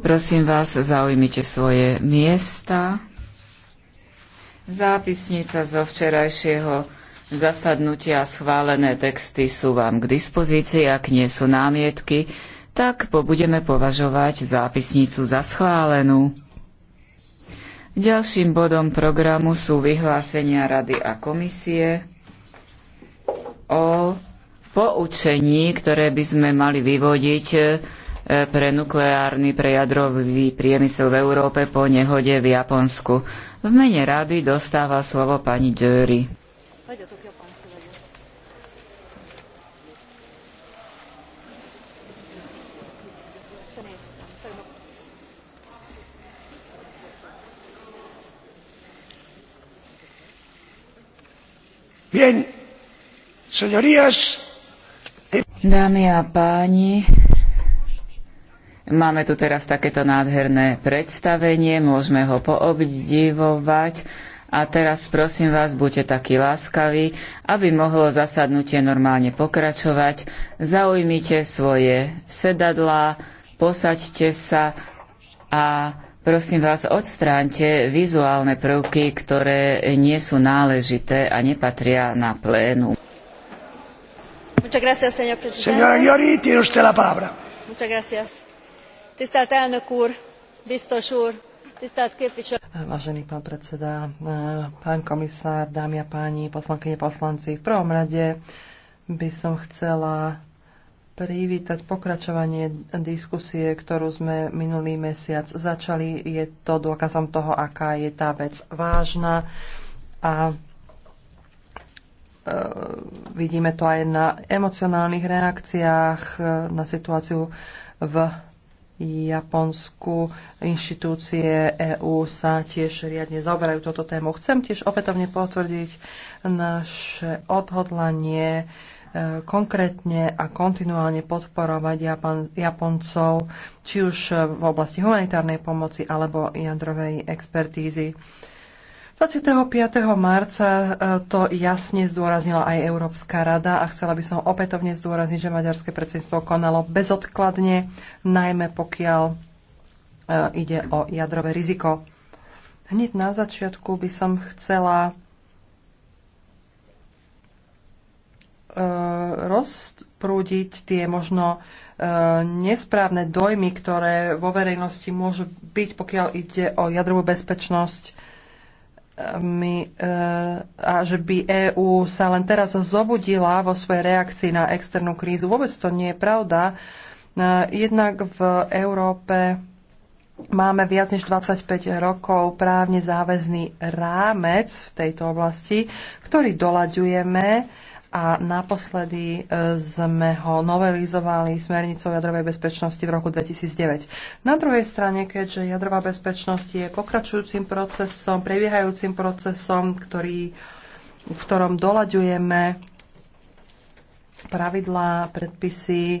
Prosím vás, zaujmite svoje miesta. Zápisnica zo včerajšieho zasadnutia a schválené texty sú vám k dispozícii. Ak nie sú námietky, tak budeme považovať zápisnicu za schválenú. Ďalším bodom programu sú vyhlásenia Rady a komisie o poučení, ktoré by sme mali vyvodiť e, pre nukleárny, pre jadrový priemysel v Európe po nehode v Japonsku. V mene rady dostáva slovo pani Dury. Bien, señorías, Dámy a páni, máme tu teraz takéto nádherné predstavenie, môžeme ho poobdivovať. A teraz prosím vás, buďte takí láskaví, aby mohlo zasadnutie normálne pokračovať. Zaujmite svoje sedadlá, posaďte sa a prosím vás, odstráňte vizuálne prvky, ktoré nie sú náležité a nepatria na plénu. Señora tiene usted la palabra. Muchas gracias. Tisztelt elnök úr, biztos úr, tisztelt képviselő. Vážený pán predseda, eh, pán komisár, dámy a páni, poslankyne, poslanci, v prvom rade by som chcela privítať pokračovanie diskusie, ktorú sme minulý mesiac začali. Je to dôkazom toho, aká je tá vec vážna. A Eh, vidíme to aj na emocionálnych reakciách eh, na situáciu v Japonsku. Inštitúcie EÚ sa tiež riadne zaoberajú toto tému. Chcem tiež opätovne potvrdiť naše odhodlanie eh, konkrétne a kontinuálne podporovať Japan, Japoncov, či už v oblasti humanitárnej pomoci alebo jadrovej expertízy. 25. marca e, to jasne zdôraznila aj Európska rada a chcela by som opätovne zdôrazniť, že maďarské predsedníctvo konalo bezodkladne, najmä pokiaľ e, ide o jadrové riziko. Hneď na začiatku by som chcela e, rozprúdiť tie možno nesprávne dojmy, ktoré vo verejnosti môžu byť, pokiaľ ide o jadrovú bezpečnosť my, eh, a že by EÚ sa len teraz zobudila vo svojej reakcii na externú krízu. Vôbec to nie je pravda. Eh, jednak v Európe máme viac než 25 rokov právne záväzný rámec v tejto oblasti, ktorý dolaďujeme a naposledy e, sme ho novelizovali smernicou jadrovej bezpečnosti v roku 2009. Na druhej strane, keďže jadrová bezpečnosť je pokračujúcim procesom, prebiehajúcim procesom, ktorý, v ktorom dolaďujeme pravidlá, predpisy, e,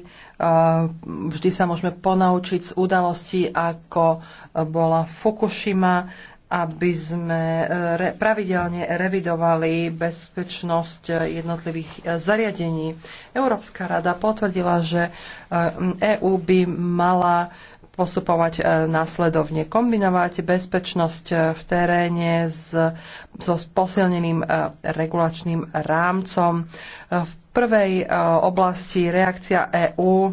vždy sa môžeme ponaučiť z udalostí, ako bola Fukushima aby sme e, pravidelne revidovali bezpečnosť e, jednotlivých e, zariadení. Európska rada potvrdila, že EÚ by mala postupovať následovne. Kombinovať bezpečnosť v teréne s, so posilneným regulačným rámcom. V prvej oblasti reakcia EÚ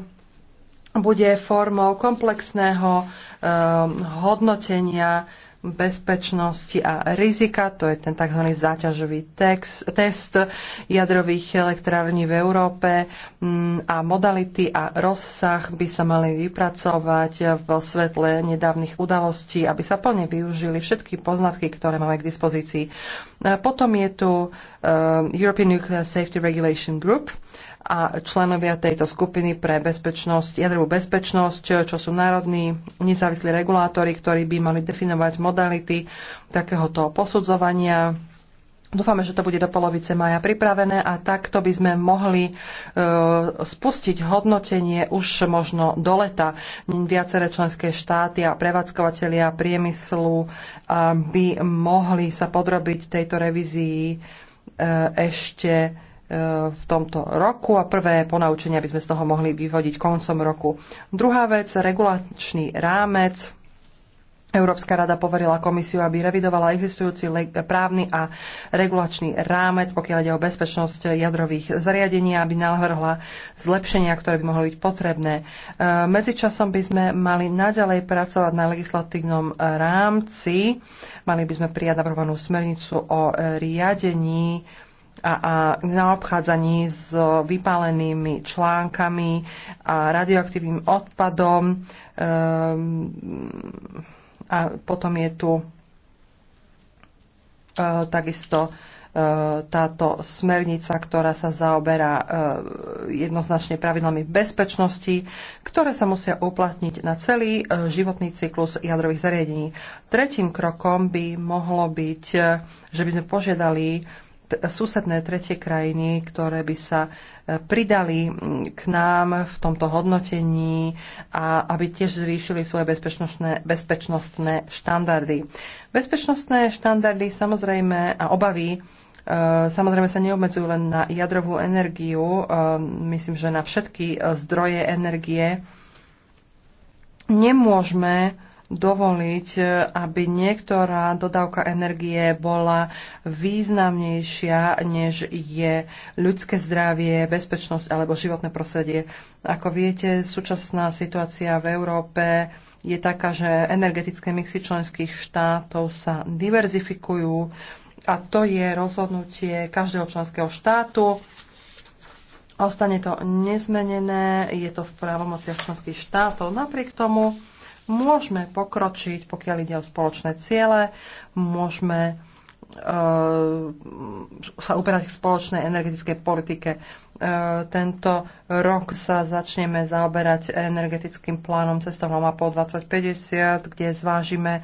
bude formou komplexného hodnotenia bezpečnosti a rizika, to je ten tzv. záťažový text, test jadrových elektrární v Európe mm, a modality a rozsah by sa mali vypracovať vo svetle nedávnych udalostí, aby sa plne využili všetky poznatky, ktoré máme k dispozícii. Potom je tu eh, European Nuclear Safety Regulation Group, a členovia tejto skupiny pre bezpečnosť, jadrovú bezpečnosť, čo sú národní nezávislí regulátori, ktorí by mali definovať modality takéhoto posudzovania. Dúfame, že to bude do polovice maja pripravené a takto by sme mohli e, spustiť hodnotenie už možno do leta. Viaceré členské štáty a prevádzkovateľia priemyslu e, by mohli sa podrobiť tejto revízii e, ešte Eh, v tomto roku a prvé ponaučenia by sme z toho mohli vyvodiť koncom roku. Druhá vec, regulačný rámec. Európska rada poverila komisiu, aby revidovala existujúci právny a regulačný rámec, pokiaľ ide o bezpečnosť jadrových zariadení, aby navrhla zlepšenia, ktoré by mohli byť potrebné. Eh, medzičasom by sme mali naďalej pracovať na legislatívnom rámci. Mali by sme prijať navrhovanú smernicu o riadení a, a obchádzaní s vypálenými článkami a radioaktívnym odpadom. Um, a potom je tu uh, takisto e, táto smernica, ktorá sa zaoberá e, jednoznačne pravidlami bezpečnosti, ktoré sa musia uplatniť na celý životný cyklus jadrových zariadení. Tretím krokom by mohlo byť, že by sme požiadali susedné tretie krajiny, ktoré by sa e, pridali k nám v tomto hodnotení a aby tiež zvýšili svoje bezpečnostné, bezpečnostné štandardy. Bezpečnostné štandardy samozrejme a obavy e, Samozrejme sa neobmedzujú len na jadrovú energiu, e, myslím, že na všetky zdroje energie. Nemôžeme dovoliť, e, aby niektorá dodávka energie bola významnejšia, než je ľudské zdravie, bezpečnosť alebo životné prostredie. Ako viete, súčasná situácia v Európe je taká, že energetické mixy členských štátov sa diverzifikujú a to je rozhodnutie každého členského štátu. Ostane to nezmenené, je to v právomociach členských štátov. Napriek tomu môžeme pokročiť, pokiaľ ide o spoločné ciele, môžeme e, sa uberať k spoločnej energetickej politike. E, tento rok sa začneme zaoberať energetickým plánom cestovnou mapou 2050, kde zvážime e,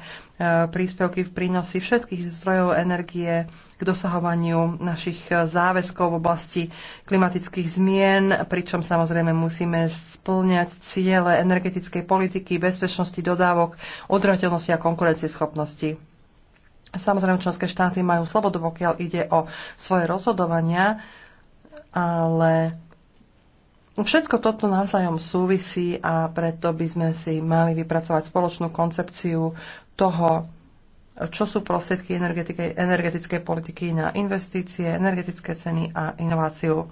príspevky v prínosy všetkých zdrojov energie k dosahovaniu našich záväzkov v oblasti klimatických zmien, pričom samozrejme musíme splňať ciele energetickej politiky, bezpečnosti dodávok, odrateľnosti a konkurencieschopnosti. Samozrejme, členské štáty majú slobodu, pokiaľ ide o svoje rozhodovania, ale všetko toto navzájom súvisí a preto by sme si mali vypracovať spoločnú koncepciu toho, čo sú prostriedky energetickej politiky na investície, energetické ceny a inováciu.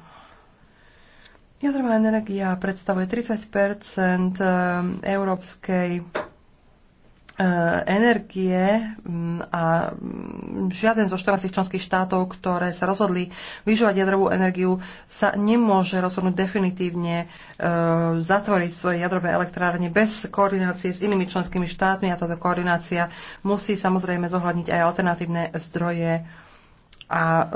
Jadrová energia predstavuje 30 ehm, európskej E, energie mm, a mm, žiaden zo 14 členských štátov, ktoré sa rozhodli vyžovať jadrovú energiu, sa nemôže rozhodnúť definitívne e, zatvoriť svoje jadrové elektrárne bez koordinácie s inými členskými štátmi a táto koordinácia musí samozrejme zohľadniť aj alternatívne zdroje a e,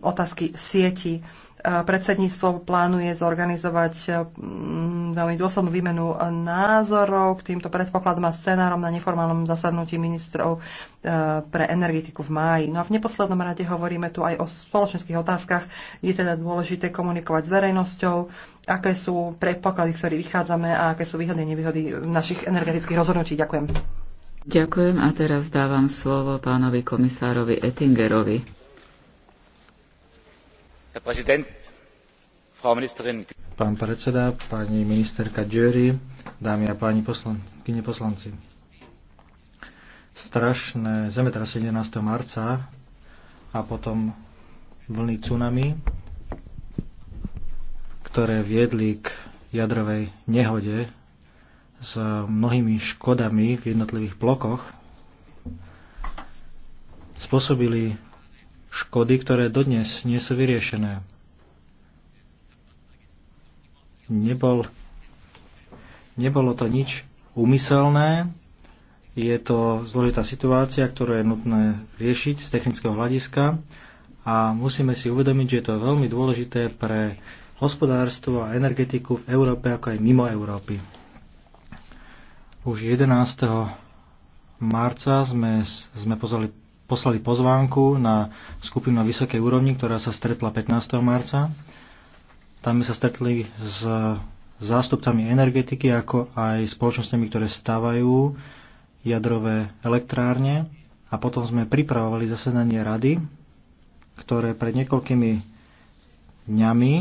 otázky sieti Predsedníctvo plánuje zorganizovať mm, veľmi dôslednú výmenu názorov k týmto predpokladom a scenárom na neformálnom zasadnutí ministrov e, pre energetiku v máji. No a v neposlednom rade hovoríme tu aj o spoločenských otázkach. Je teda dôležité komunikovať s verejnosťou, aké sú predpoklady, z ktorých vychádzame a aké sú výhody a nevýhody našich energetických rozhodnutí. Ďakujem. Ďakujem a teraz dávam slovo pánovi komisárovi Ettingerovi. Pán predseda, pani ministerka Jury, dámy a páni poslankyne poslanci. Strašné zemetrasenie 11. marca a potom vlny tsunami, ktoré viedli k jadrovej nehode s mnohými škodami v jednotlivých blokoch, spôsobili škody, ktoré dodnes nie sú vyriešené. Nebol, nebolo to nič úmyselné, je to zložitá situácia, ktorú je nutné riešiť z technického hľadiska a musíme si uvedomiť, že je to veľmi dôležité pre hospodárstvo a energetiku v Európe ako aj mimo Európy. Už 11. marca sme, sme pozvali poslali pozvánku na skupinu na vysokej úrovni, ktorá sa stretla 15. marca. Tam sme sa stretli s zástupcami energetiky, ako aj spoločnosťami, ktoré stavajú jadrové elektrárne. A potom sme pripravovali zasedanie rady, ktoré pred niekoľkými dňami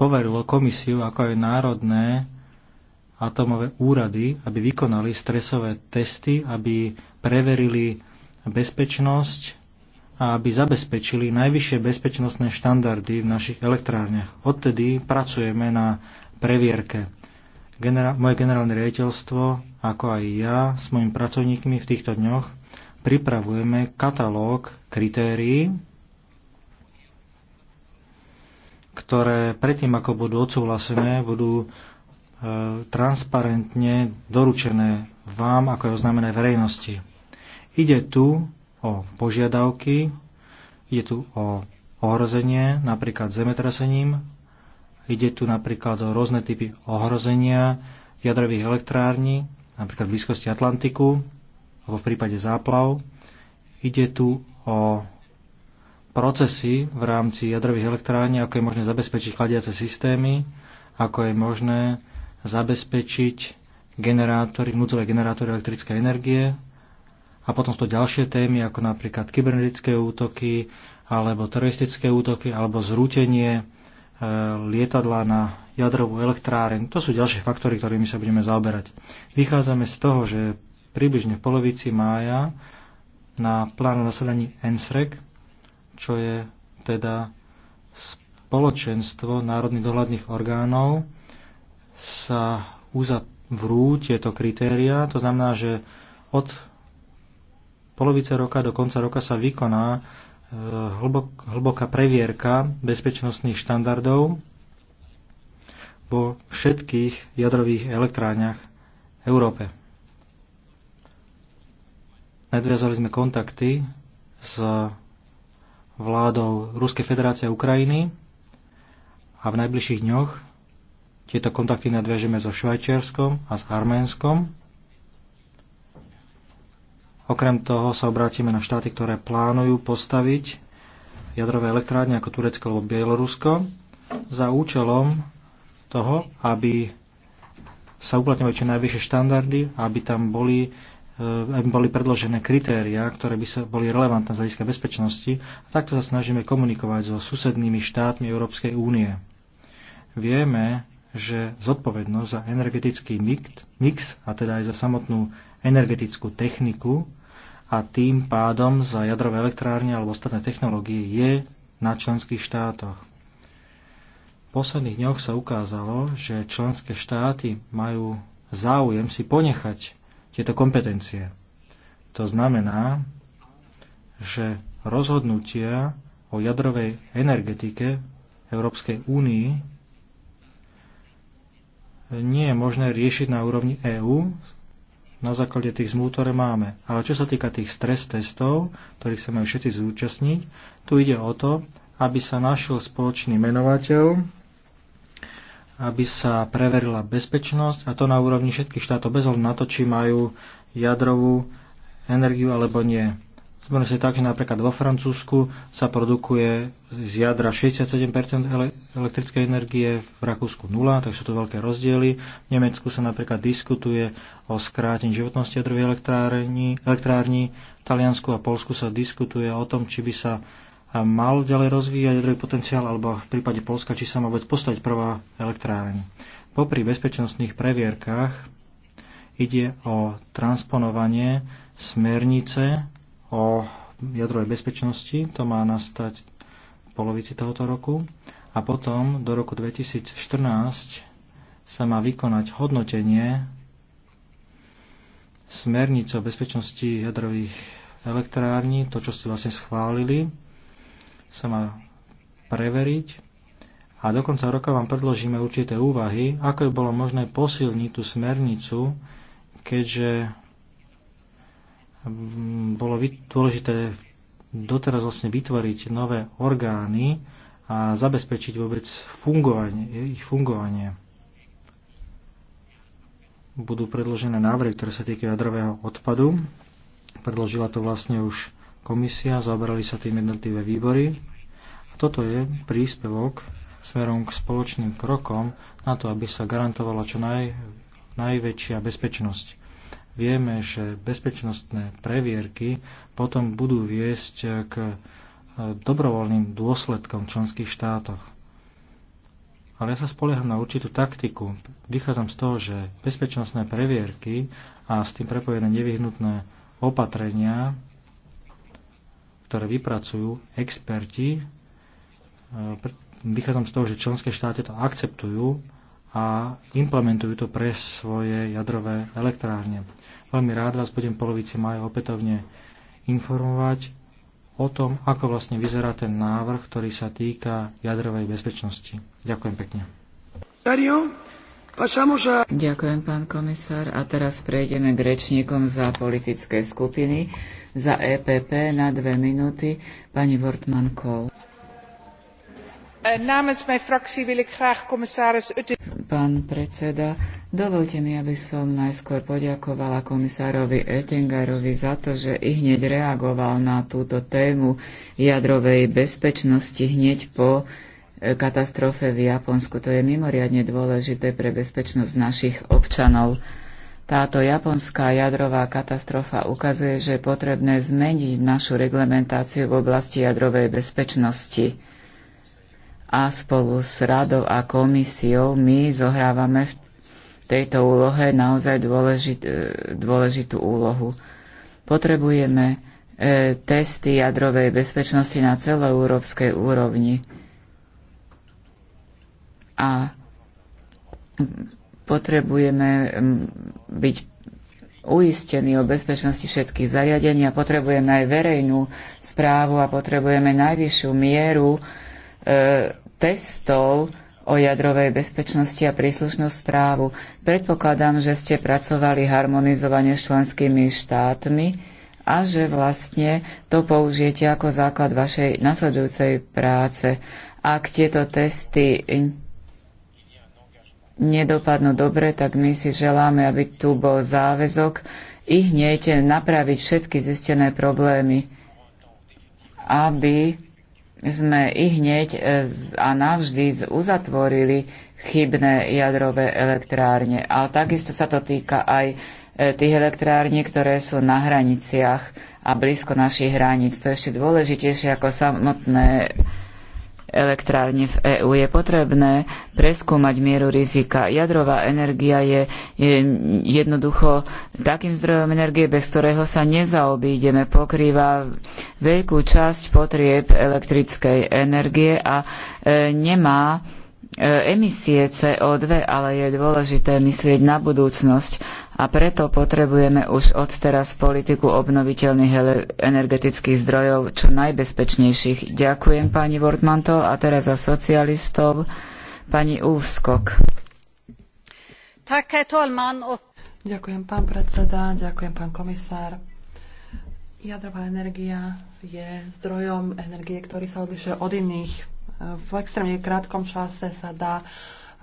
poverilo komisiu, ako aj národné atomové úrady, aby vykonali stresové testy, aby preverili bezpečnosť a aby zabezpečili najvyššie bezpečnostné štandardy v našich elektrárniach. Odtedy pracujeme na previerke. Generál, moje generálne riaditeľstvo, ako aj ja s mojimi pracovníkmi v týchto dňoch pripravujeme katalóg kritérií, ktoré predtým, ako budú odsúhlasené, budú E, transparentne doručené vám, ako je oznámené verejnosti. Ide tu o požiadavky, ide tu o ohrozenie, napríklad zemetrasením, ide tu napríklad o rôzne typy ohrozenia jadrových elektrární, napríklad v blízkosti Atlantiku, alebo v prípade záplav. Ide tu o procesy v rámci jadrových elektrární, ako je možné zabezpečiť chladiace systémy, ako je možné zabezpečiť generátory, núdzové generátory elektrické energie a potom sú to ďalšie témy, ako napríklad kybernetické útoky, alebo teroristické útoky, alebo zrútenie e, lietadla na jadrovú elektráreň. To sú ďalšie faktory, ktorými sa budeme zaoberať. Vychádzame z toho, že približne v polovici mája na plánu zasadaní ENSREG, čo je teda spoločenstvo národných dohľadných orgánov, sa uzavrú tieto kritéria. To znamená, že od polovice roka do konca roka sa vykoná e, hlbok, hlboká previerka bezpečnostných štandardov vo všetkých jadrových elektrárniach v Európe. Nadviazali sme kontakty s vládou Ruskej federácie a Ukrajiny a v najbližších dňoch tieto kontakty nadviažeme so Švajčiarskom a s Arménskom. Okrem toho sa obrátime na štáty, ktoré plánujú postaviť jadrové elektrárne ako Turecko alebo Bielorusko za účelom toho, aby sa uplatňovali čo najvyššie štandardy, aby tam boli eh, aby boli predložené kritériá, ktoré by sa boli relevantné z hľadiska bezpečnosti a takto sa snažíme komunikovať so susednými štátmi Európskej únie. Vieme, že zodpovednosť za energetický mix a teda aj za samotnú energetickú techniku a tým pádom za jadrové elektrárne alebo ostatné technológie je na členských štátoch. V posledných dňoch sa ukázalo, že členské štáty majú záujem si ponechať tieto kompetencie. To znamená, že rozhodnutia o jadrovej energetike Európskej únii nie je možné riešiť na úrovni EÚ na základe tých zmluv, ktoré máme. Ale čo sa týka tých stres testov, ktorých sa majú všetci zúčastniť, tu ide o to, aby sa našiel spoločný menovateľ, aby sa preverila bezpečnosť a to na úrovni všetkých štátov bez ohľadu na to, či majú jadrovú energiu alebo nie. Zmerme si tak, že napríklad vo Francúzsku sa produkuje z jadra 67% elektrickej energie, v Rakúsku 0, tak sú to veľké rozdiely. V Nemecku sa napríklad diskutuje o skrátení životnosti jadrových elektrární, elektrární. V Taliansku a Polsku sa diskutuje o tom, či by sa mal ďalej rozvíjať jadrový potenciál, alebo v prípade Polska, či sa má vôbec postať prvá elektráreň. Popri bezpečnostných previerkách ide o transponovanie smernice o jadrovej bezpečnosti, to má nastať v polovici tohoto roku. A potom do roku 2014 sa má vykonať hodnotenie smernice o bezpečnosti jadrových elektrární, to, čo ste vlastne schválili, sa má preveriť a do konca roka vám predložíme určité úvahy, ako by bolo možné posilniť tú smernicu, keďže bolo dôležité doteraz vlastne vytvoriť nové orgány a zabezpečiť vôbec fungovanie, ich fungovanie. Budú predložené návrhy, ktoré sa týkajú jadrového odpadu. Predložila to vlastne už komisia, zaoberali sa tým jednotlivé výbory. A toto je príspevok smerom k spoločným krokom na to, aby sa garantovala čo naj, najväčšia bezpečnosť. Vieme, že bezpečnostné previerky potom budú viesť k e, dobrovoľným dôsledkom v členských štátoch. Ale ja sa spolieham na určitú taktiku. Vychádzam z toho, že bezpečnostné previerky a s tým prepojené nevyhnutné opatrenia, ktoré vypracujú experti, e, vychádzam z toho, že členské štáty to akceptujú a implementujú to pre svoje jadrové elektrárne. Veľmi rád vás budem polovici maja opätovne informovať o tom, ako vlastne vyzerá ten návrh, ktorý sa týka jadrovej bezpečnosti. Ďakujem pekne. Ďakujem, pán komisár. A teraz prejdeme k rečníkom za politické skupiny. Za EPP na dve minúty pani Wortmann-Kohl. Eh, Pán predseda, dovolte mi, aby som najskôr poďakovala komisárovi Oettingerovi za to, že i hneď reagoval na túto tému jadrovej bezpečnosti hneď po eh, katastrofe v Japonsku. To je mimoriadne dôležité pre bezpečnosť našich občanov. Táto japonská jadrová katastrofa ukazuje, že je potrebné zmeniť našu reglementáciu v oblasti jadrovej bezpečnosti a spolu s radou a komisiou my zohrávame v tejto úlohe naozaj dôležit, e, dôležitú úlohu. Potrebujeme e, testy jadrovej bezpečnosti na celoeurópskej úrovni. A potrebujeme byť uistení o bezpečnosti všetkých zariadení a potrebujeme aj verejnú správu a potrebujeme najvyššiu mieru e, testov o jadrovej bezpečnosti a príslušnú správu. Predpokladám, že ste pracovali harmonizovane s členskými štátmi a že vlastne to použijete ako základ vašej nasledujúcej práce. Ak tieto testy nedopadnú dobre, tak my si želáme, aby tu bol záväzok i hneď napraviť všetky zistené problémy, aby sme i hneď e, a navždy uzatvorili chybné jadrové elektrárne. Ale takisto sa to týka aj e, tých elektrární, ktoré sú na hraniciach a blízko našich hraníc. To je ešte dôležitejšie ako samotné elektrárne v EÚ. Je potrebné preskúmať mieru rizika. Jadrová energia je, je jednoducho takým zdrojom energie, bez ktorého sa nezaobídeme. Pokrýva veľkú časť potrieb elektrickej energie a e, nemá e, emisie CO2, ale je dôležité myslieť na budúcnosť a preto potrebujeme už odteraz politiku obnoviteľných energetických zdrojov čo najbezpečnejších. Ďakujem pani Wortmanto a teraz za socialistov pani Úvskok. Ďakujem pán predseda, ďakujem pán komisár. Jadrová energia je zdrojom energie, ktorý sa odlišuje od iných. V extrémne krátkom čase sa dá uh,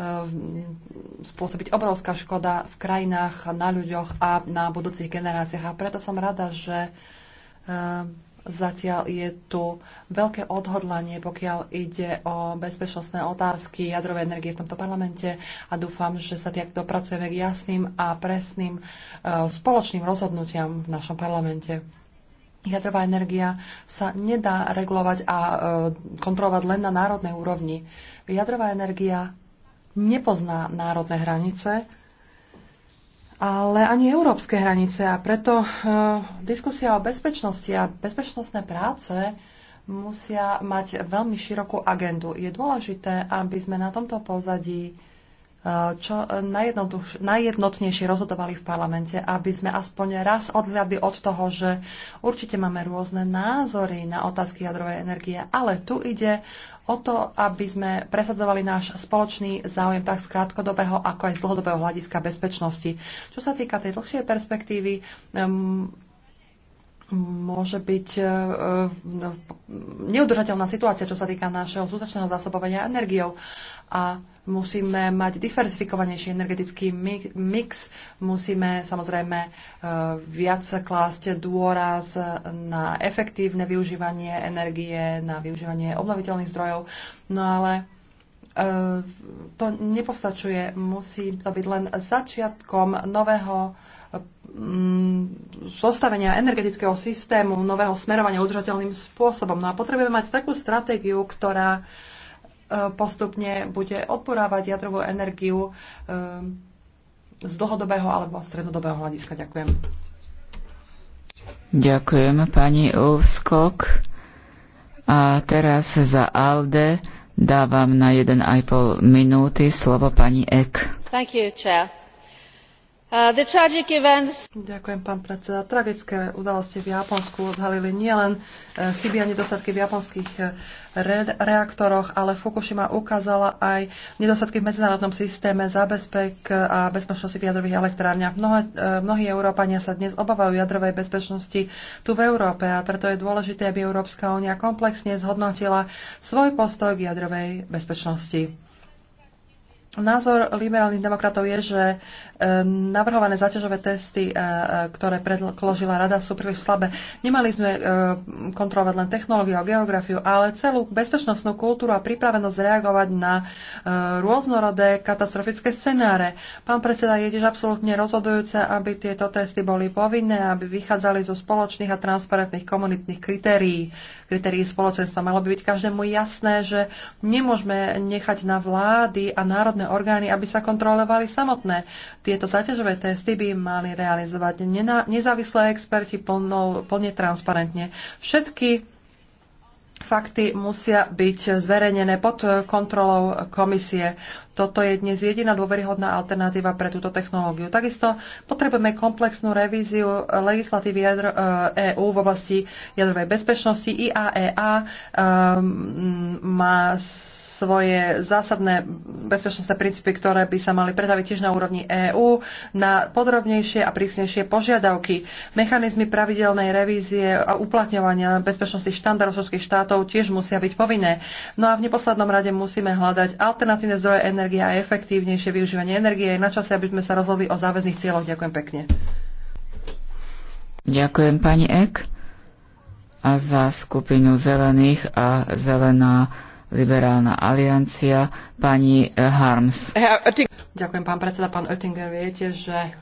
Ehm, spôsobiť obrovská škoda v krajinách, na ľuďoch a na budúcich generáciách. A preto som rada, že ehm, Zatiaľ je tu veľké odhodlanie, pokiaľ ide o bezpečnostné otázky jadrovej energie v tomto parlamente a dúfam, že sa tak dopracujeme k jasným a presným ehm, spoločným rozhodnutiam v našom parlamente. Jadrová energia sa nedá regulovať a kontrolovať len na národnej úrovni. Jadrová energia nepozná národné hranice, ale ani európske hranice a preto e, diskusia o bezpečnosti a bezpečnostné práce musia mať veľmi širokú agendu. Je dôležité, aby sme na tomto pozadí čo najjednotnejšie rozhodovali v parlamente, aby sme aspoň raz odhľadli od toho, že určite máme rôzne názory na otázky jadrovej energie, ale tu ide o to, aby sme presadzovali náš spoločný záujem tak z krátkodobého, ako aj z dlhodobého hľadiska bezpečnosti. Čo sa týka tej dlhšej perspektívy, um, môže byť e, e, no, neudržateľná situácia, čo sa týka našeho sústačného zásobovania energiou a musíme mať diverzifikovanejší energetický mix, musíme samozrejme e, viac klásť dôraz na efektívne využívanie energie, na využívanie obnoviteľných zdrojov, no ale e, to nepostačuje, musí to byť len začiatkom nového mm, zostavenia energetického systému, nového smerovania udržateľným spôsobom. No a potrebujeme mať takú stratégiu, ktorá uh, postupne bude odporávať jadrovú energiu e, z dlhodobého alebo strednodobého hľadiska. Ďakujem. Ďakujem pani Ovskok. A teraz za ALDE dávam na 1,5 minúty slovo pani Ek. Thank you, chair. Uh, events... Ďakujem, pán predseda. Tragické udalosti v Japonsku odhalili nielen eh, chyby a nedostatky v japonských eh, reaktoroch, ale Fukushima ukázala aj nedostatky v medzinárodnom systéme zabezpek a bezpečnosti v jadrových elektrárniach. Eh, mnohí Európania sa dnes obávajú jadrovej bezpečnosti tu v Európe a preto je dôležité, aby Európska únia komplexne zhodnotila svoj postoj k jadrovej bezpečnosti. Názor liberálnych demokratov je, že navrhované zaťažové testy, e, e, ktoré predložila rada, sú príliš slabé. Nemali sme e, kontrolovať len technológiu a geografiu, ale celú bezpečnostnú kultúru a pripravenosť reagovať na rôznorodé katastrofické scenáre. Pán predseda, je tiež absolútne rozhodujúce, aby tieto testy boli povinné, aby vychádzali zo spoločných a transparentných komunitných kritérií, kritérií spoločenstva. Malo by byť každému jasné, že nemôžeme nechať na vlády a národné orgány, aby sa kontrolovali samotné tie tieto záťažové testy by mali realizovať nezávislé experti plno, plne transparentne. Všetky fakty musia byť zverejnené pod kontrolou komisie. Toto je dnes jediná dôveryhodná alternatíva pre túto technológiu. Takisto potrebujeme komplexnú revíziu legislatívy EÚ e v oblasti jadrovej bezpečnosti. IAEA um, e e, má svoje zásadné bezpečnostné princípy, ktoré by sa mali predaviť tiež na úrovni EÚ, na podrobnejšie a prísnejšie požiadavky. Mechanizmy pravidelnej revízie a uplatňovania bezpečnostných štandardov členských štátov tiež musia byť povinné. No a v neposlednom rade musíme hľadať alternatívne zdroje energie a efektívnejšie využívanie energie. na čase, aby sme sa rozhodli o záväzných cieľoch. Ďakujem pekne. Ďakujem pani Ek a za skupinu zelených a zelená liberálna aliancia, pani eh, Harms. Ďakujem, pán predseda. Pán Oettinger, viete, že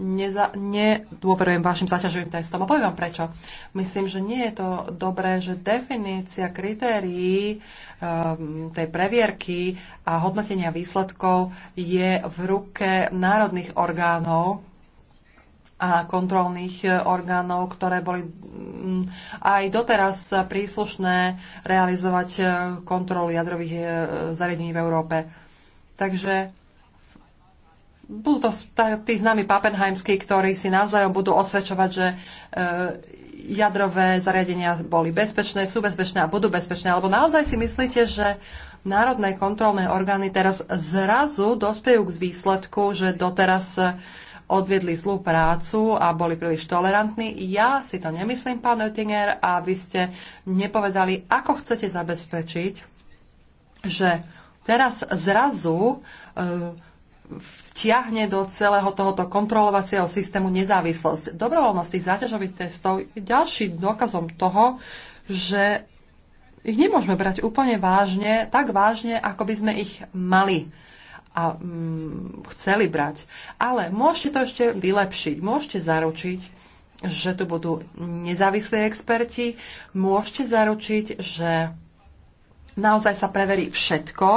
neza, nedôverujem vašim zaťažovým testom. A poviem vám prečo. Myslím, že nie je to dobré, že definícia kritérií um, tej previerky a hodnotenia výsledkov je v ruke národných orgánov a kontrolných e, orgánov, ktoré boli mm, aj doteraz príslušné realizovať e, kontrolu jadrových e, zariadení v Európe. Takže budú to tí známi papenheimskí, ktorí si navzájom budú osvedčovať, že jadrové zariadenia boli bezpečné, sú bezpečné a budú bezpečné. Alebo naozaj si myslíte, že národné kontrolné orgány teraz zrazu dospejú k výsledku, že doteraz odviedli zlú prácu a boli príliš tolerantní. Ja si to nemyslím, pán Oettinger, a vy ste nepovedali, ako chcete zabezpečiť, že teraz zrazu e, vtiahne do celého tohoto kontrolovacieho systému nezávislosť. Dobrovoľnosť tých záťažových testov je ďalším dôkazom toho, že ich nemôžeme brať úplne vážne, tak vážne, ako by sme ich mali a mm, chceli brať. Ale môžete to ešte vylepšiť, môžete zaručiť, že tu budú nezávislí experti, môžete zaručiť, že naozaj sa preverí všetko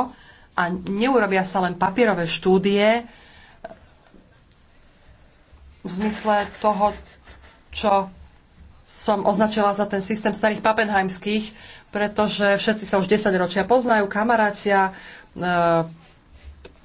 a neurobia sa len papierové štúdie v zmysle toho, čo som označila za ten systém starých papenheimských, pretože všetci sa už 10 ročia poznajú, kamarátia, e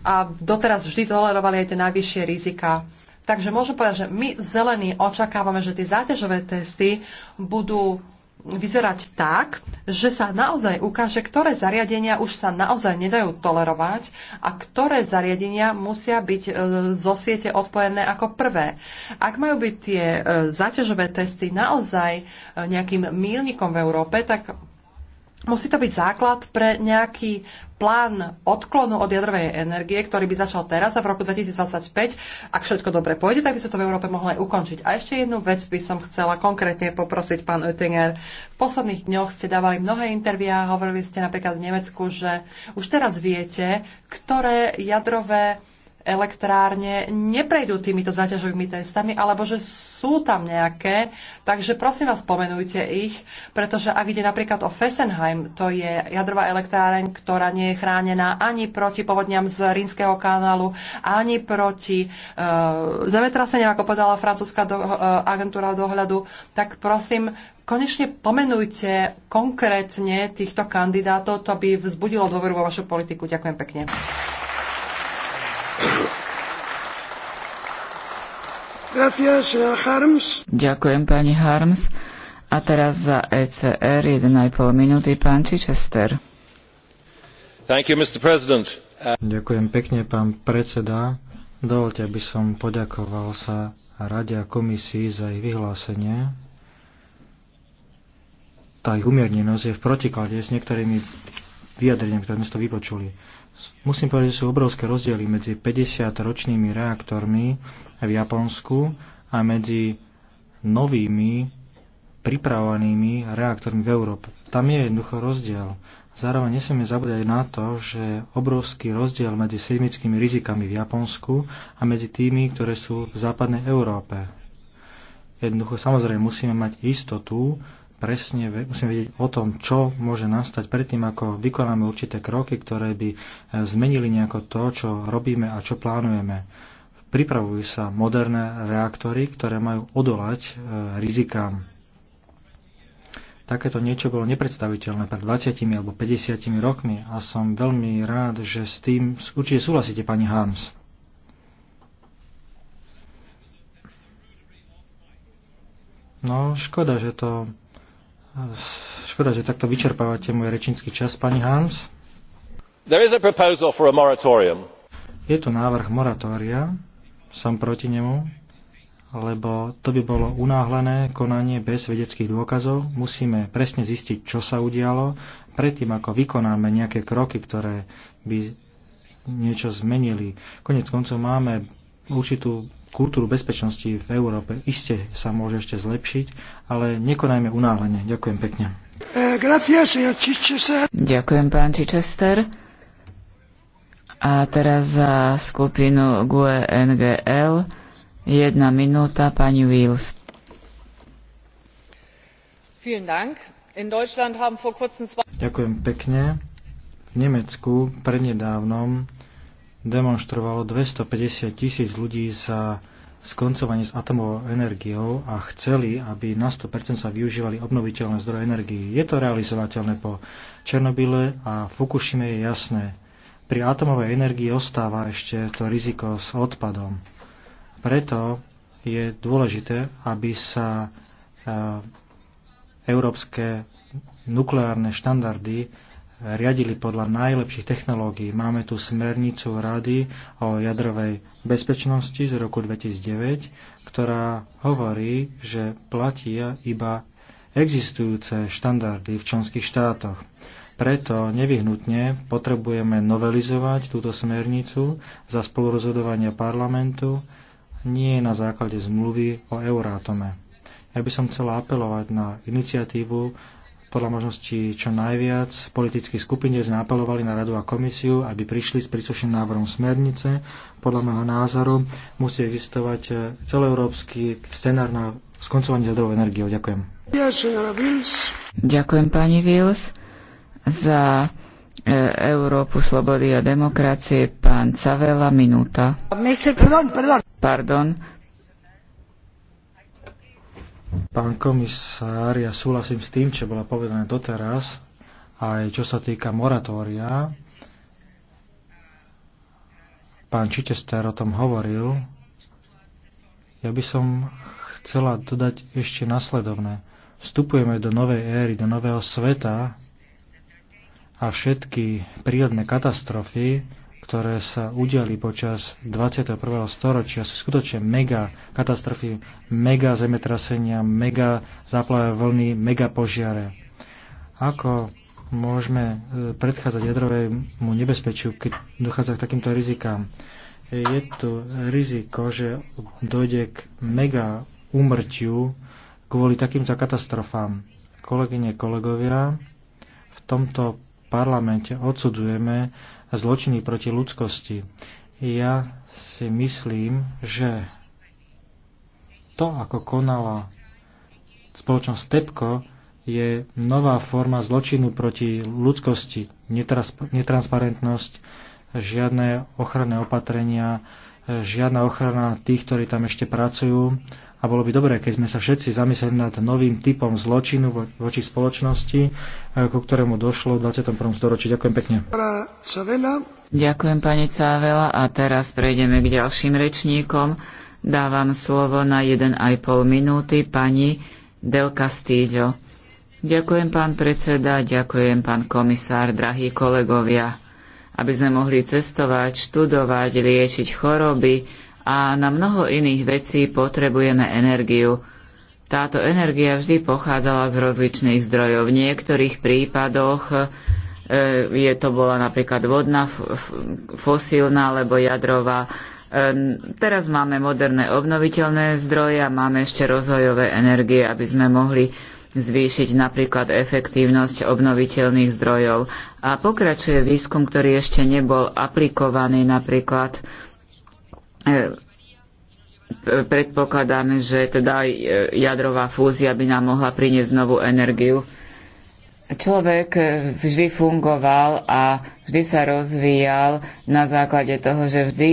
a doteraz vždy tolerovali aj tie najvyššie rizika. Takže môžem povedať, že my zelení očakávame, že tie záťažové testy budú vyzerať tak, že sa naozaj ukáže, ktoré zariadenia už sa naozaj nedajú tolerovať a ktoré zariadenia musia byť e, zo siete odpojené ako prvé. Ak majú byť tie e, záťažové testy naozaj e, nejakým mílnikom v Európe, tak Musí to byť základ pre nejaký plán odklonu od jadrovej energie, ktorý by začal teraz a v roku 2025. Ak všetko dobre pôjde, tak by sa to v Európe mohlo aj ukončiť. A ešte jednu vec by som chcela konkrétne poprosiť, pán Oettinger. V posledných dňoch ste dávali mnohé interviá, hovorili ste napríklad v Nemecku, že už teraz viete, ktoré jadrové elektrárne neprejdú týmito záťažovými testami, alebo že sú tam nejaké. Takže prosím vás, pomenujte ich, pretože ak ide napríklad o Fessenheim, to je jadrová elektráreň, ktorá nie je chránená ani proti povodňam z Rínskeho kanálu, ani proti uh, zemetraseniam, ako povedala francúzska do, uh, agentúra dohľadu, tak prosím, konečne pomenujte konkrétne týchto kandidátov, to by vzbudilo dôveru vo vašu politiku. Ďakujem pekne. Eh, Ďakujem pani Harms. A teraz za ECR 1,5 minúty pán Chichester. Ďakujem pekne, pán predseda. Dovolte, aby som poďakoval sa Rade a komisii za ich vyhlásenie. Tá ich umiernenosť je v protiklade s niektorými vyjadreniami, ktoré sme to vypočuli. Musím povedať, že sú obrovské rozdiely medzi 50-ročnými reaktormi v Japonsku a medzi novými pripravovanými reaktormi v Európe. Tam je jednoducho rozdiel. Zároveň nesmieme zabúdať na to, že obrovský rozdiel medzi seismickými rizikami v Japonsku a medzi tými, ktoré sú v západnej Európe. Jednoducho samozrejme musíme mať istotu, presne musíme vedieť o tom, čo môže nastať predtým, ako vykonáme určité kroky, ktoré by e, zmenili nejako to, čo robíme a čo plánujeme. Pripravujú sa moderné reaktory, ktoré majú odolať e, rizikám. Takéto niečo bolo nepredstaviteľné pred 20 alebo 50 rokmi a som veľmi rád, že s tým určite súhlasíte, pani Harms. No, škoda, že to... Škoda, že takto vyčerpávate môj rečnícky čas, pani Harms. There is a proposal for a moratorium. Je tu návrh moratória som proti nemu, lebo to by bolo unáhlené konanie bez vedeckých dôkazov. Musíme presne zistiť, čo sa udialo, predtým ako vykonáme nejaké kroky, ktoré by niečo zmenili. Konec koncov máme určitú kultúru bezpečnosti v Európe. Iste sa môže ešte zlepšiť, ale nekonajme unáhlenie. Ďakujem pekne. Eh, Ďakujem, pán Čičester. A teraz za skupinu GUE NGL jedna minúta pani Wills. Ďakujem pekne. V Nemecku prednedávnom demonstrovalo 250 tisíc ľudí za skoncovanie s atomovou energiou a chceli, aby na 100% sa využívali obnoviteľné zdroje energii. Je to realizovateľné po Černobyle a Fukushime je jasné pri atomovej energii ostáva ešte to riziko s odpadom. Preto je dôležité, aby sa e, európske nukleárne štandardy riadili podľa najlepších technológií. Máme tu smernicu Rady o jadrovej bezpečnosti z roku 2009, ktorá hovorí, že platia iba existujúce štandardy v členských štátoch. Preto nevyhnutne potrebujeme novelizovať túto smernicu za spolurozhodovanie parlamentu, nie na základe zmluvy o Eurátome. Ja by som chcela apelovať na iniciatívu podľa možností čo najviac politických skupín, kde sme apelovali na radu a komisiu, aby prišli s príslušným návrhom smernice. Podľa môjho názoru musí existovať e, celoeurópsky scenár na skoncovanie jadrovej energie. Ďakujem. Ďakujem pani Wills za e, Európu slobody a demokracie, pán Cavela, minúta. Pardon. Pán komisár, ja súhlasím s tým, čo bolo povedané doteraz, aj čo sa týka moratória. Pán Čitester o tom hovoril. Ja by som chcela dodať ešte nasledovné. Vstupujeme do novej éry, do nového sveta, a všetky prírodné katastrofy, ktoré sa udiali počas 21. storočia, sú skutočne mega katastrofy, mega zemetrasenia, mega záplave vlny, mega požiare. Ako môžeme e, predchádzať jadrovému nebezpečiu, keď dochádza k takýmto rizikám? Je tu riziko, že dojde k mega úmrtiu kvôli takýmto katastrofám. Kolegyne, kolegovia, v tomto parlamente odsudzujeme zločiny proti ľudskosti. Ja si myslím, že to, ako konala spoločnosť TEPCO, je nová forma zločinu proti ľudskosti, netransparentnosť, žiadne ochranné opatrenia, žiadna ochrana tých, ktorí tam ešte pracujú a bolo by dobré, keď sme sa všetci zamysleli nad novým typom zločinu voči spoločnosti, e, ku ktorému došlo v 21. storočí. Ďakujem pekne. Ďakujem pani Cávela a teraz prejdeme k ďalším rečníkom. Dávam slovo na 1,5 minúty pani Del Castillo. Ďakujem pán predseda, ďakujem pán komisár, drahí kolegovia. Aby sme mohli cestovať, študovať, liečiť choroby, a na mnoho iných vecí potrebujeme energiu. Táto energia vždy pochádzala z rozličných zdrojov. V niektorých prípadoch e, je to bola napríklad vodná, fosílna alebo jadrová. E, teraz máme moderné obnoviteľné zdroje a máme ešte rozvojové energie, aby sme mohli zvýšiť napríklad efektívnosť obnoviteľných zdrojov. A pokračuje výskum, ktorý ešte nebol aplikovaný napríklad E, predpokladáme, že teda e, jadrová fúzia by nám mohla priniesť novú energiu. Človek e, vždy fungoval a vždy sa rozvíjal na základe toho, že vždy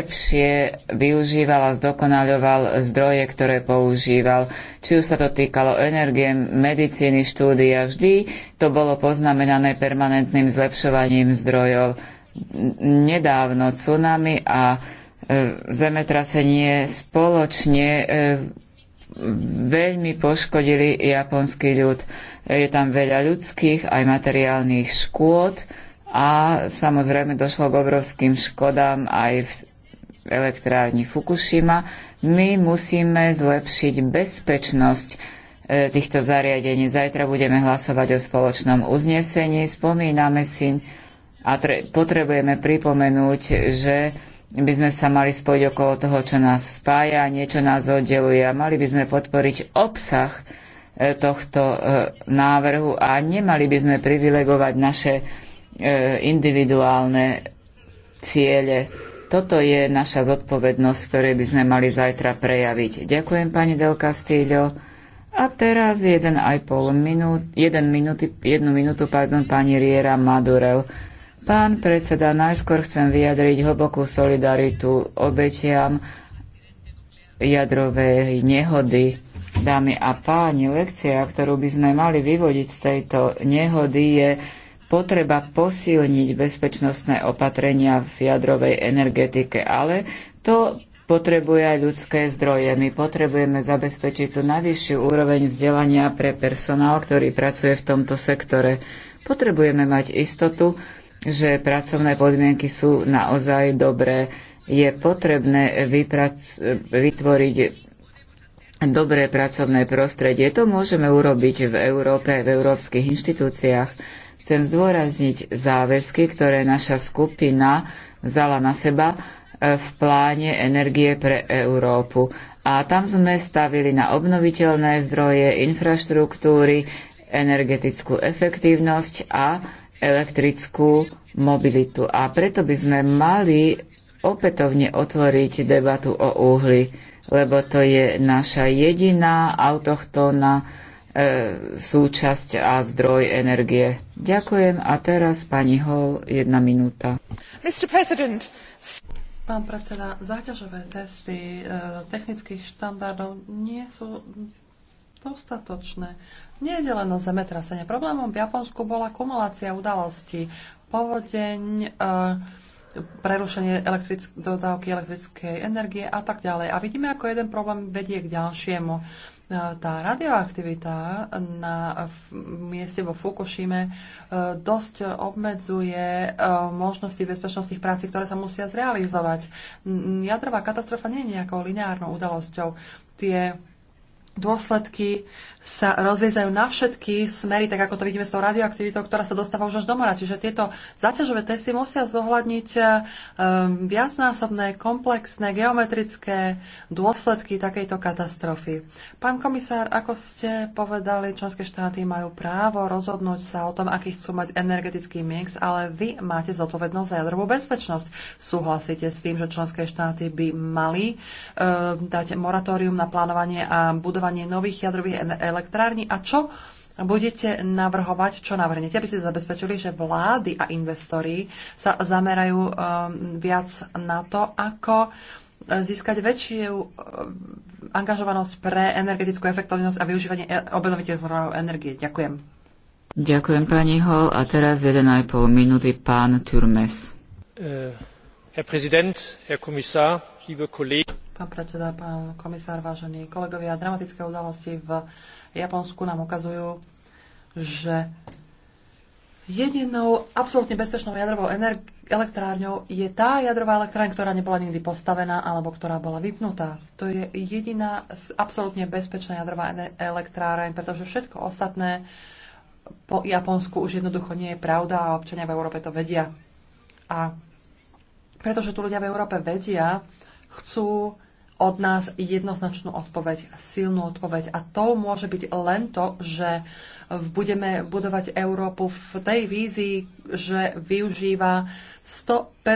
lepšie využíval a zdokonaľoval zdroje, ktoré používal. Či už sa to týkalo energie, medicíny, štúdia, vždy to bolo poznamenané permanentným zlepšovaním zdrojov. Nedávno tsunami a zemetrasenie spoločne e, veľmi poškodili japonský ľud. Je tam veľa ľudských aj materiálnych škôd a samozrejme došlo k obrovským škodám aj v elektrárni Fukushima. My musíme zlepšiť bezpečnosť e, týchto zariadení. Zajtra budeme hlasovať o spoločnom uznesení. Spomíname si a potrebujeme pripomenúť, že by sme sa mali spojiť okolo toho, čo nás spája a niečo nás oddeluje. A mali by sme podporiť obsah e, tohto e, návrhu a nemali by sme privilegovať naše e, individuálne ciele. Toto je naša zodpovednosť, ktorej by sme mali zajtra prejaviť. Ďakujem, pani Del Castillo. A teraz 1,5 minút, jeden minúty, jednu minútu, pardon, pani Riera Madurel. Pán predseda, najskôr chcem vyjadriť hlbokú solidaritu obetiam jadrovej nehody. Dámy a páni, lekcia, ktorú by sme mali vyvodiť z tejto nehody, je potreba posilniť bezpečnostné opatrenia v jadrovej energetike, ale to potrebuje aj ľudské zdroje. My potrebujeme zabezpečiť tú najvyššiu úroveň vzdelania pre personál, ktorý pracuje v tomto sektore. Potrebujeme mať istotu, že pracovné podmienky sú naozaj dobré. Je potrebné vytvoriť dobré pracovné prostredie. To môžeme urobiť v Európe, v európskych inštitúciách. Chcem zdôrazniť záväzky, ktoré naša skupina vzala na seba e, v pláne energie pre Európu. A tam sme stavili na obnoviteľné zdroje, infraštruktúry, energetickú efektívnosť a elektrickú mobilitu. A preto by sme mali opätovne otvoriť debatu o uhli, lebo to je naša jediná autochtóna e, súčasť a zdroj energie. Ďakujem a teraz pani Hall, jedna minúta. Pán predseda, záťažové testy e, technických štandardov nie sú dostatočné. Nie je len o zemetrasenie. Problémom v Japonsku bola kumulácia udalostí. Povodeň, eh, prerušenie elektrick- dodávky elektrickej energie a tak ďalej. A vidíme, ako jeden problém vedie k ďalšiemu. Eh, tá radioaktivita na mieste vo Fukushime eh, dosť obmedzuje možnosti bezpečnostných práci, ktoré sa musia zrealizovať. Jadrová katastrofa nie je nejakou lineárnou udalosťou. Tie dôsledky sa rozliezajú na všetky smery, tak ako to vidíme s tou radioaktivitou, ktorá sa dostáva už až do mora. Čiže tieto zaťažové testy musia zohľadniť um, viacnásobné, komplexné, geometrické dôsledky takejto katastrofy. Pán komisár, ako ste povedali, členské štáty majú právo rozhodnúť sa o tom, aký chcú mať energetický mix, ale vy máte zodpovednosť za jadrovú bezpečnosť. Súhlasíte s tým, že členské štáty by mali um, dať moratórium na plánovanie a budovanie budovanie nových jadrových elektrární a čo budete navrhovať, čo navrhnete, aby ste zabezpečili, že vlády a investori sa zamerajú um, viac na to, ako uh, získať väčšiu uh, angažovanosť pre energetickú efektovnosť a využívanie e, obnoviteľných zdrojov energie. Ďakujem. Ďakujem pani Hol. A teraz 1,5 minúty pán Turmes. Uh, herr Präsident, Herr Kommissar, liebe Pán predseda, pán komisár, vážení kolegovia, dramatické udalosti v Japonsku nám ukazujú, že jedinou absolútne bezpečnou jadrovou elektrárňou je tá jadrová elektrárň, ktorá nebola nikdy postavená alebo ktorá bola vypnutá. To je jediná absolútne bezpečná jadrová elektráreň, pretože všetko ostatné po Japonsku už jednoducho nie je pravda a občania v Európe to vedia. A pretože tu ľudia v Európe vedia, chcú od nás jednoznačnú odpoveď, silnú odpoveď. A to môže byť len to, že budeme budovať Európu v tej vízii, že využíva 100 e,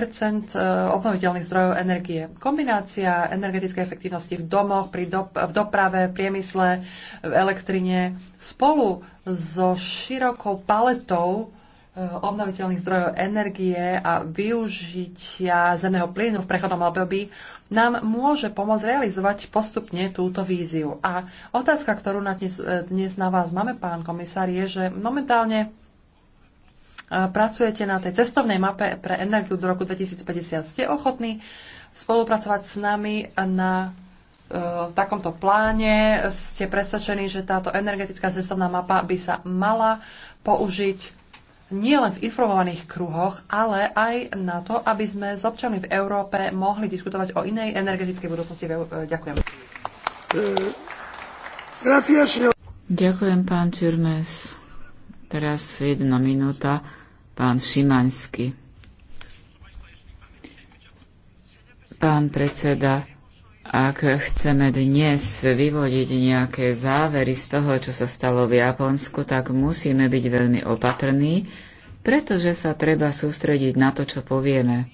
obnoviteľných zdrojov energie. Kombinácia energetickej efektivnosti v domoch, pri do, v doprave, priemysle, v elektrine spolu so širokou paletou e, obnoviteľných zdrojov energie a využitia zemného plynu v prechodnom období nám môže pomôcť realizovať postupne túto víziu. A otázka, ktorú na dnes, e, dnes na vás máme, pán komisár, je, že momentálne e, pracujete na tej cestovnej mape pre energiu do roku 2050. Ste ochotní spolupracovať s nami na v e, takomto pláne ste presvedčení, že táto energetická cestovná mapa by sa mala použiť nielen v informovaných kruhoch, ale aj na to, aby sme s občanmi v Európe mohli diskutovať o inej energetickej budúcnosti. E, Ďakujem. E, Ďakujem, pán Čurmes. Teraz jedna minúta, pán Šimanský. Pán predseda, ak chceme dnes vyvodiť nejaké závery z toho, čo sa stalo v Japonsku, tak musíme byť veľmi opatrní, pretože sa treba sústrediť na to, čo povieme.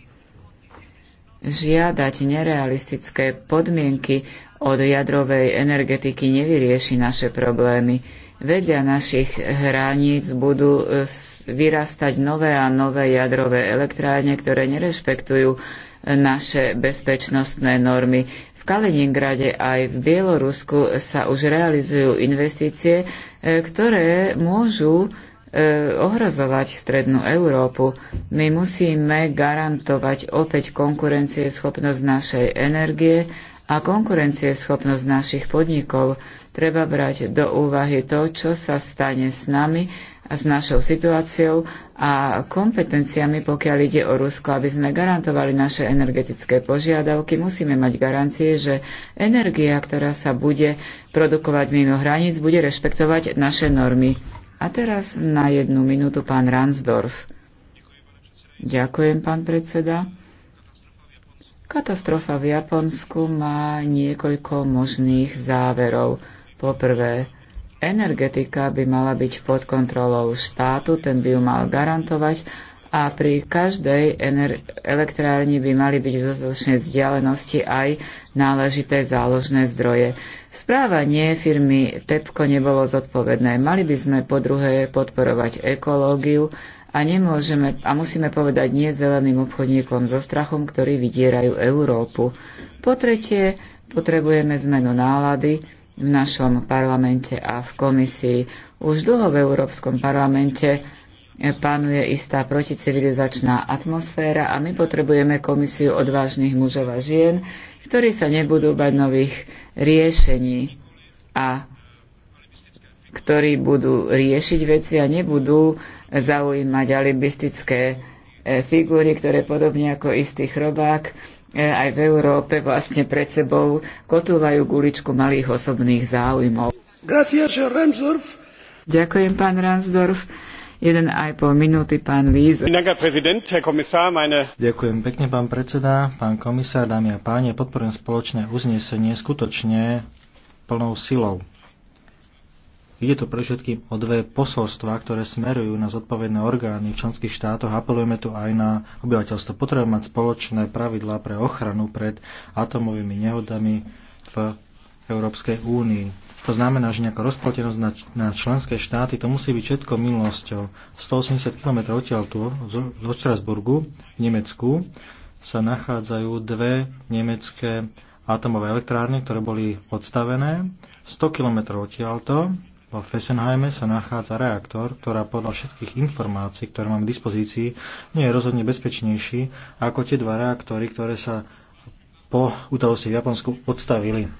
Žiadať nerealistické podmienky od jadrovej energetiky nevyrieši naše problémy. Vedľa našich hraníc budú eh, vyrastať nové a nové jadrové elektrárne, ktoré nerešpektujú naše bezpečnostné normy. Kaliningrade aj v Bielorusku sa už realizujú investície, e, ktoré môžu e, ohrozovať strednú Európu. My musíme garantovať opäť konkurencieschopnosť našej energie a konkurencieschopnosť našich podnikov. Treba brať do úvahy to, čo sa stane s nami a s našou situáciou a kompetenciami, pokiaľ ide o Rusko, aby sme garantovali naše energetické požiadavky, musíme mať garancie, že energia, ktorá sa bude produkovať mimo hraníc, bude rešpektovať naše normy. A teraz na jednu minútu pán Ransdorf. Ďakujem, pán predseda. Katastrofa v Japonsku má niekoľko možných záverov. Poprvé, energetika by mala byť pod kontrolou štátu, ten by ju mal garantovať a pri každej elektrárni by mali byť v dostatočnej vzdialenosti aj náležité záložné zdroje. Správanie firmy TEPCO nebolo zodpovedné. Mali by sme po druhé podporovať ekológiu a nemôžeme a musíme povedať nie zeleným obchodníkom so strachom, ktorí vydierajú Európu. Po tretie, potrebujeme zmenu nálady, v našom parlamente a v komisii. Už dlho v Európskom parlamente panuje istá proticivilizačná atmosféra a my potrebujeme komisiu odvážnych mužov a žien, ktorí sa nebudú bať nových riešení a ktorí budú riešiť veci a nebudú zaujímať alibistické e, figúry, ktoré podobne ako istý chrobák E, aj v Európe vlastne pred sebou kotúvajú guličku malých osobných záujmov. Gracias, Ransdorf. Ďakujem, pán Ransdorf. Jeden aj pol minúty, pán Líze. Ďakujem pekne, pán predseda, pán komisár, dámy a páni. Podporujem spoločné uznesenie skutočne plnou silou. Ide tu pre všetkým o dve posolstva, ktoré smerujú na zodpovedné orgány v členských štátoch. Apelujeme tu aj na obyvateľstvo. Potrebujeme mať spoločné pravidlá pre ochranu pred atomovými nehodami v Európskej únii. To znamená, že nejaká rozplatenosť na, na členské štáty, to musí byť všetko minulosťou. 180 km odtiaľ tu, zo Štrasburgu, v Nemecku, sa nachádzajú dve nemecké atomové elektrárne, ktoré boli odstavené. 100 km odtiaľto vo Fessenheime sa nachádza reaktor, ktorá podľa všetkých informácií, ktoré mám k dispozícii, nie je rozhodne bezpečnejší ako tie dva reaktory, ktoré sa po udalosti v Japonsku odstavili.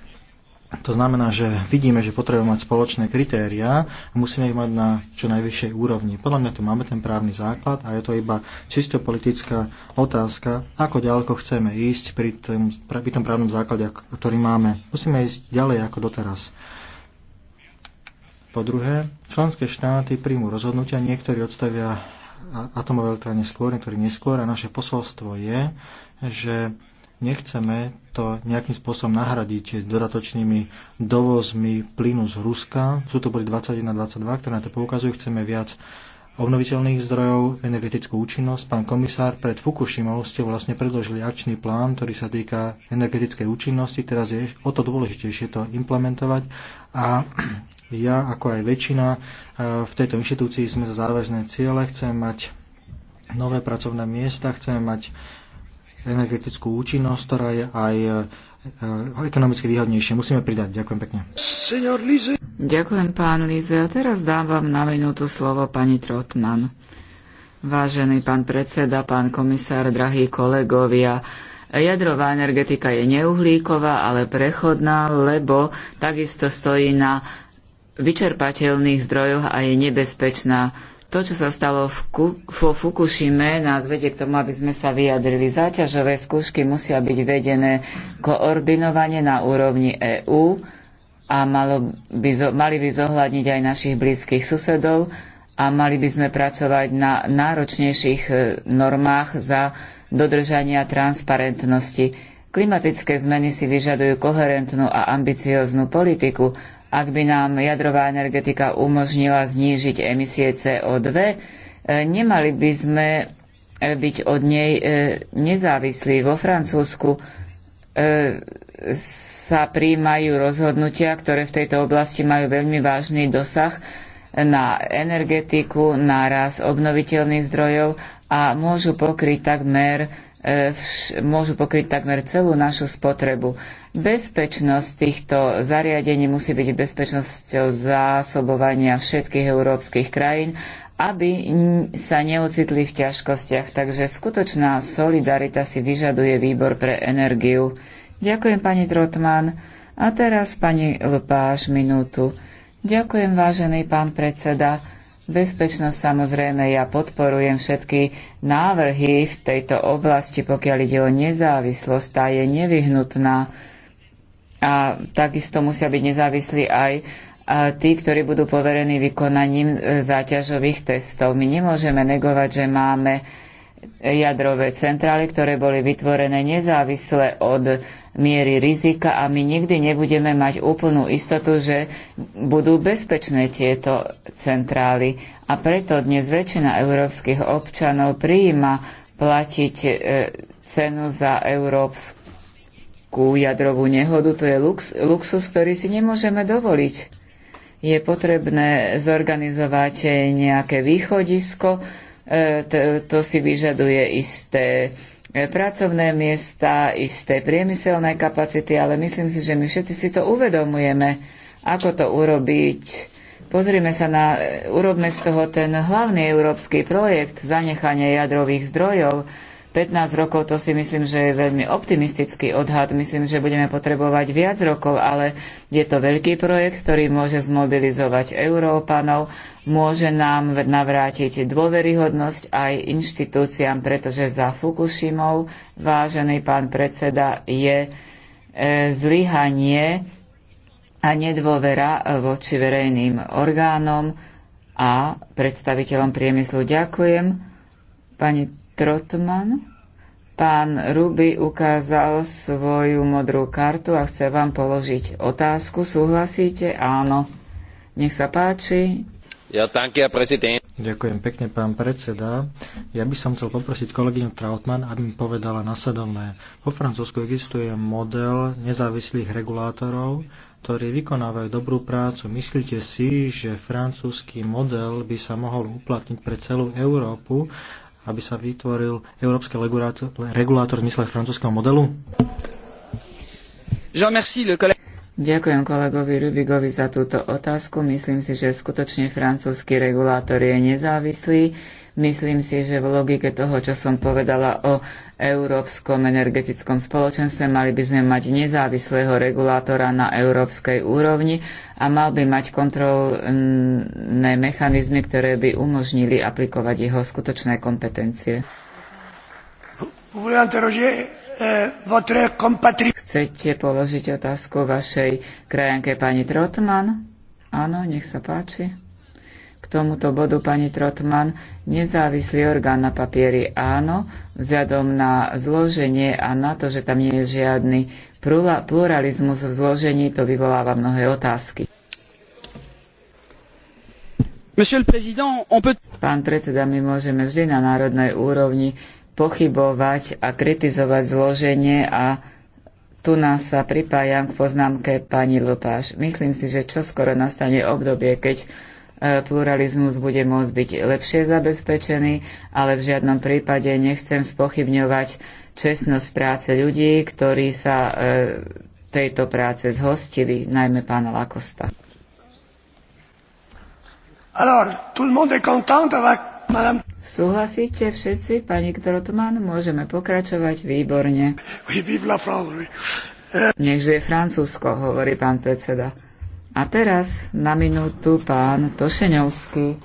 To znamená, že vidíme, že potrebujeme mať spoločné kritériá a musíme ich mať na čo najvyššej úrovni. Podľa mňa tu máme ten právny základ a je to iba čisto politická otázka, ako ďaleko chceme ísť pri tom, pri tom právnom základe, ktorý máme. Musíme ísť ďalej ako doteraz. Po druhé, členské štáty príjmu rozhodnutia, niektorí odstavia atomové elektrárne skôr, niektorí neskôr a naše posolstvo je, že nechceme to nejakým spôsobom nahradiť dodatočnými dovozmi plynu z Ruska. Sú to boli 21 a 22, ktoré na to poukazujú. Chceme viac obnoviteľných zdrojov, energetickú účinnosť. Pán komisár, pred Fukushimou ste vlastne predložili akčný plán, ktorý sa týka energetickej účinnosti. Teraz je o to dôležitejšie to implementovať a ja, ako aj väčšina e, v tejto inštitúcii sme za záväzné ciele, chceme mať nové pracovné miesta, chceme mať energetickú účinnosť, ktorá je aj e, e, ekonomicky výhodnejšie. Musíme pridať. Ďakujem pekne. Ďakujem pán Lize A teraz dávam na minútu slovo pani Trotman. Vážený pán predseda, pán komisár, drahí kolegovia, Jadrová energetika je neuhlíková, ale prechodná, lebo takisto stojí na vyčerpateľných zdrojoch a je nebezpečná. To, čo sa stalo v Ku- vo Fukushime, nás vedie k tomu, aby sme sa vyjadrili. Záťažové skúšky musia byť vedené koordinovane na úrovni EÚ a malo by zo- mali by zohľadniť aj našich blízkych susedov a mali by sme pracovať na náročnejších e, normách za dodržania transparentnosti. Klimatické zmeny si vyžadujú koherentnú a ambicióznu politiku ak by nám jadrová energetika umožnila znížiť emisie CO2, e, nemali by sme e, byť od nej e, nezávislí. Vo Francúzsku sa príjmajú rozhodnutia, ktoré v tejto oblasti majú veľmi vážny dosah na energetiku, na rast obnoviteľných zdrojov a môžu pokryť takmer E, môžu pokryť takmer celú našu spotrebu. Bezpečnosť týchto zariadení musí byť bezpečnosťou zásobovania všetkých európskych krajín, aby sa neocitli v ťažkostiach. Takže skutočná solidarita si vyžaduje výbor pre energiu. Ďakujem pani Trotman. A teraz pani Lpáš minútu. Ďakujem, vážený pán predseda. Bezpečnosť samozrejme, ja podporujem všetky návrhy v tejto oblasti, pokiaľ ide o nezávislosť, tá je nevyhnutná. A takisto musia byť nezávislí aj tí, ktorí budú poverení vykonaním e, záťažových testov. My nemôžeme negovať, že máme jadrové centrály, ktoré boli vytvorené nezávisle od miery rizika a my nikdy nebudeme mať úplnú istotu, že budú bezpečné tieto centrály. A preto dnes väčšina európskych občanov prijíma platiť e, cenu za európsku jadrovú nehodu. To je lux, luxus, ktorý si nemôžeme dovoliť. Je potrebné zorganizovať nejaké východisko, E, to si vyžaduje isté e, pracovné miesta, isté priemyselné kapacity, ale myslím si, že my všetci si to uvedomujeme, ako to urobiť. Pozrime sa na, e, urobme z toho ten hlavný európsky projekt zanechanie jadrových zdrojov. 15 rokov to si myslím, že je veľmi optimistický odhad. Myslím, že budeme potrebovať viac rokov, ale je to veľký projekt, ktorý môže zmobilizovať Európanov môže nám navrátiť dôveryhodnosť aj inštitúciám, pretože za Fukushimou, vážený pán predseda, je e, zlyhanie a nedôvera e, voči verejným orgánom a predstaviteľom priemyslu. Ďakujem. Pani Trotman, pán Ruby ukázal svoju modrú kartu a chce vám položiť otázku. Súhlasíte? Áno. Nech sa páči. Ja, Ďakujem pekne, pán predseda. Ja by som chcel poprosiť kolegyňu Trautmann, aby mi povedala nasledovné. Po Francúzsku existuje model nezávislých regulátorov, ktorí vykonávajú dobrú prácu. Myslíte si, že francúzsky model by sa mohol uplatniť pre celú Európu, aby sa vytvoril európsky regulátor, regulátor v mysle francúzského modelu? Jean, merci, le collègue. Ďakujem kolegovi Rubigovi za túto otázku. Myslím si, že skutočne francúzsky regulátor je nezávislý. Myslím si, že v logike toho, čo som povedala o Európskom energetickom spoločenstve, mali by sme mať nezávislého regulátora na európskej úrovni a mal by mať kontrolné mechanizmy, ktoré by umožnili aplikovať jeho skutočné kompetencie. Chcete položiť otázku vašej krajanke pani Trotman? Áno, nech sa páči. K tomuto bodu pani Trotman, nezávislý orgán na papieri áno, vzhľadom na zloženie a na to, že tam nie je žiadny pluralizmus v zložení, to vyvoláva mnohé otázky. Pán predseda, my môžeme vždy na národnej úrovni pochybovať a kritizovať zloženie a tu nás sa pripájam k poznámke pani Lupáš. Myslím si, že čoskoro nastane obdobie, keď e, pluralizmus bude môcť byť lepšie zabezpečený, ale v žiadnom prípade nechcem spochybňovať čestnosť práce ľudí, ktorí sa e, tejto práce zhostili, najmä pána Lakosta. Alors, tout le monde est content avec madame... Súhlasíte všetci, pani Krotman? Môžeme pokračovať výborne. Eh. Nech žije Francúzsko, hovorí pán predseda. A teraz na minútu pán Tošeňovský.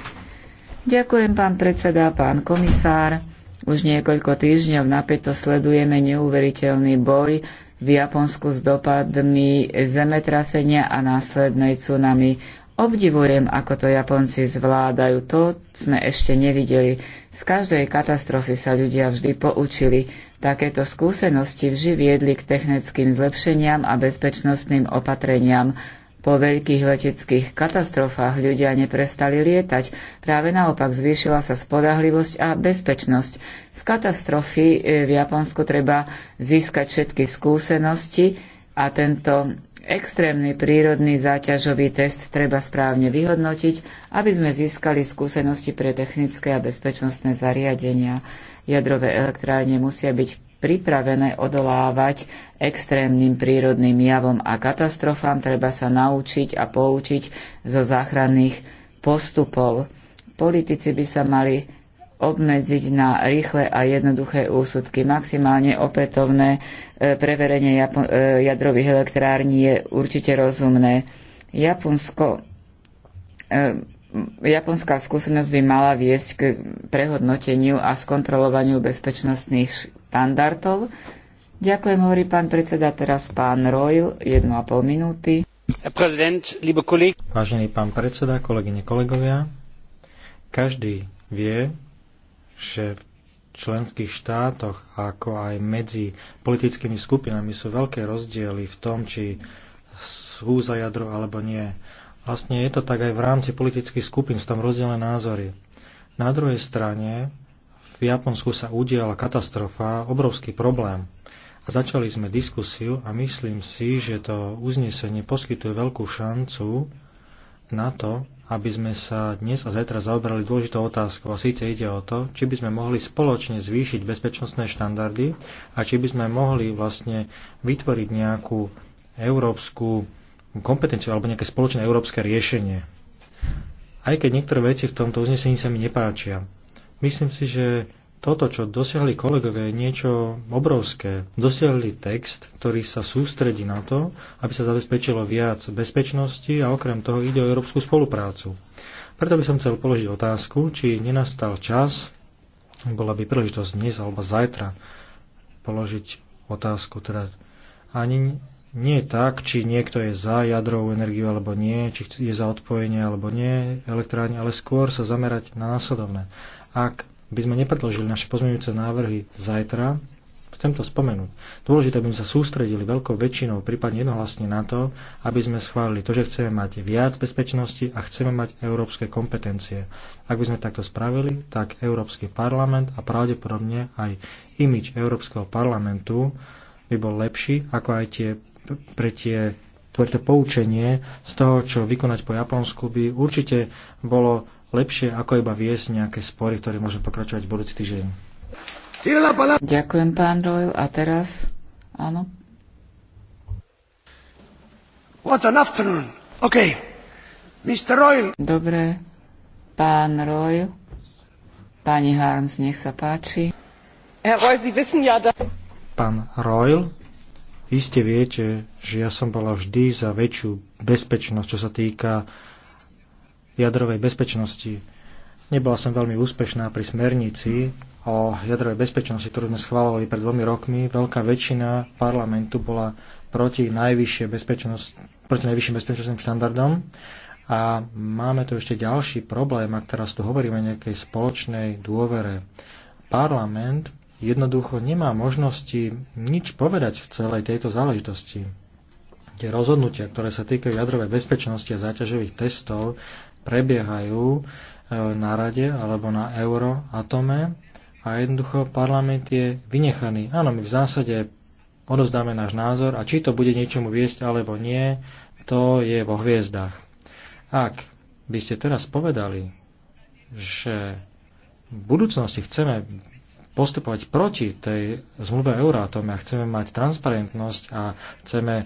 Ďakujem, pán predseda, pán komisár. Už niekoľko týždňov napäto sledujeme neuveriteľný boj v Japonsku s dopadmi zemetrasenia a následnej tsunami. Obdivujem, ako to Japonci zvládajú. To sme ešte nevideli. Z každej katastrofy sa ľudia vždy poučili. Takéto skúsenosti vždy viedli k technickým zlepšeniam a bezpečnostným opatreniam. Po veľkých leteckých katastrofách ľudia neprestali lietať. Práve naopak zvýšila sa spodahlivosť a bezpečnosť. Z katastrofy e, v Japonsku treba získať všetky skúsenosti a tento Extrémny prírodný záťažový test treba správne vyhodnotiť, aby sme získali skúsenosti pre technické a bezpečnostné zariadenia. Jadrové elektrárne musia byť pripravené odolávať extrémnym prírodným javom a katastrofám, treba sa naučiť a poučiť zo záchranných postupov. Politici by sa mali obmedziť na rýchle a jednoduché úsudky. Maximálne opätovné e, preverenie e, jadrových elektrární je určite rozumné. Japonsko, e, japonská skúsenosť by mala viesť k prehodnoteniu a skontrolovaniu bezpečnostných štandardov. Ďakujem, hovorí pán predseda, teraz pán Royl, 1,5 minúty. Vážený pán predseda, kolegyne, kolegovia, každý vie, že v členských štátoch, ako aj medzi politickými skupinami sú veľké rozdiely v tom, či sú za jadro alebo nie. Vlastne je to tak aj v rámci politických skupín, sú tam rozdielne názory. Na druhej strane v Japonsku sa udiala katastrofa, obrovský problém. A začali sme diskusiu a myslím si, že to uznesenie poskytuje veľkú šancu na to, aby sme sa dnes a zajtra zaoberali dôležitou otázkou. A síce ide o to, či by sme mohli spoločne zvýšiť bezpečnostné štandardy a či by sme mohli vlastne vytvoriť nejakú európsku kompetenciu alebo nejaké spoločné európske riešenie. Aj keď niektoré veci v tomto uznesení sa mi nepáčia. Myslím si, že toto, čo dosiahli kolegovia, je niečo obrovské. Dosiahli text, ktorý sa sústredí na to, aby sa zabezpečilo viac bezpečnosti a okrem toho ide o európsku spoluprácu. Preto by som chcel položiť otázku, či nenastal čas, bola by príležitosť dnes alebo zajtra položiť otázku, teda ani nie tak, či niekto je za jadrovú energiu alebo nie, či je za odpojenie alebo nie elektrárne, ale skôr sa zamerať na následovné. Ak by sme nepredložili naše pozmeňujúce návrhy zajtra, chcem to spomenúť. Dôležité, aby sme sa sústredili veľkou väčšinou, prípadne jednohlasne na to, aby sme schválili to, že chceme mať viac bezpečnosti a chceme mať európske kompetencie. Ak by sme takto spravili, tak Európsky parlament a pravdepodobne aj imič Európskeho parlamentu by bol lepší, ako aj tie, pre tie pre to poučenie z toho, čo vykonať po Japonsku, by určite bolo lepšie, ako iba viesť nejaké spory, ktoré môžu pokračovať v budúci týždeň. Ďakujem, pán Royal. A teraz, áno. What an afternoon. OK. Mr. Royal. Dobre. Pán Royal. Pani Harms, nech sa páči. Pán Royal, iste viete, že ja som bola vždy za väčšiu bezpečnosť, čo sa týka jadrovej bezpečnosti. Nebola som veľmi úspešná pri smernici o jadrovej bezpečnosti, ktorú sme schválovali pred dvomi rokmi. Veľká väčšina parlamentu bola proti, najvyššie bezpečnosť, proti najvyšším bezpečnostným štandardom. A máme tu ešte ďalší problém, ak teraz tu hovoríme o nejakej spoločnej dôvere. Parlament jednoducho nemá možnosti nič povedať v celej tejto záležitosti. Tie rozhodnutia, ktoré sa týkajú jadrovej bezpečnosti a záťažových testov, prebiehajú e, na rade alebo na euroatome a jednoducho parlament je vynechaný. Áno, my v zásade odozdáme náš názor a či to bude niečomu viesť alebo nie, to je vo hviezdách. Ak by ste teraz povedali, že v budúcnosti chceme postupovať proti tej zmluve Eurátome a chceme mať transparentnosť a chceme e,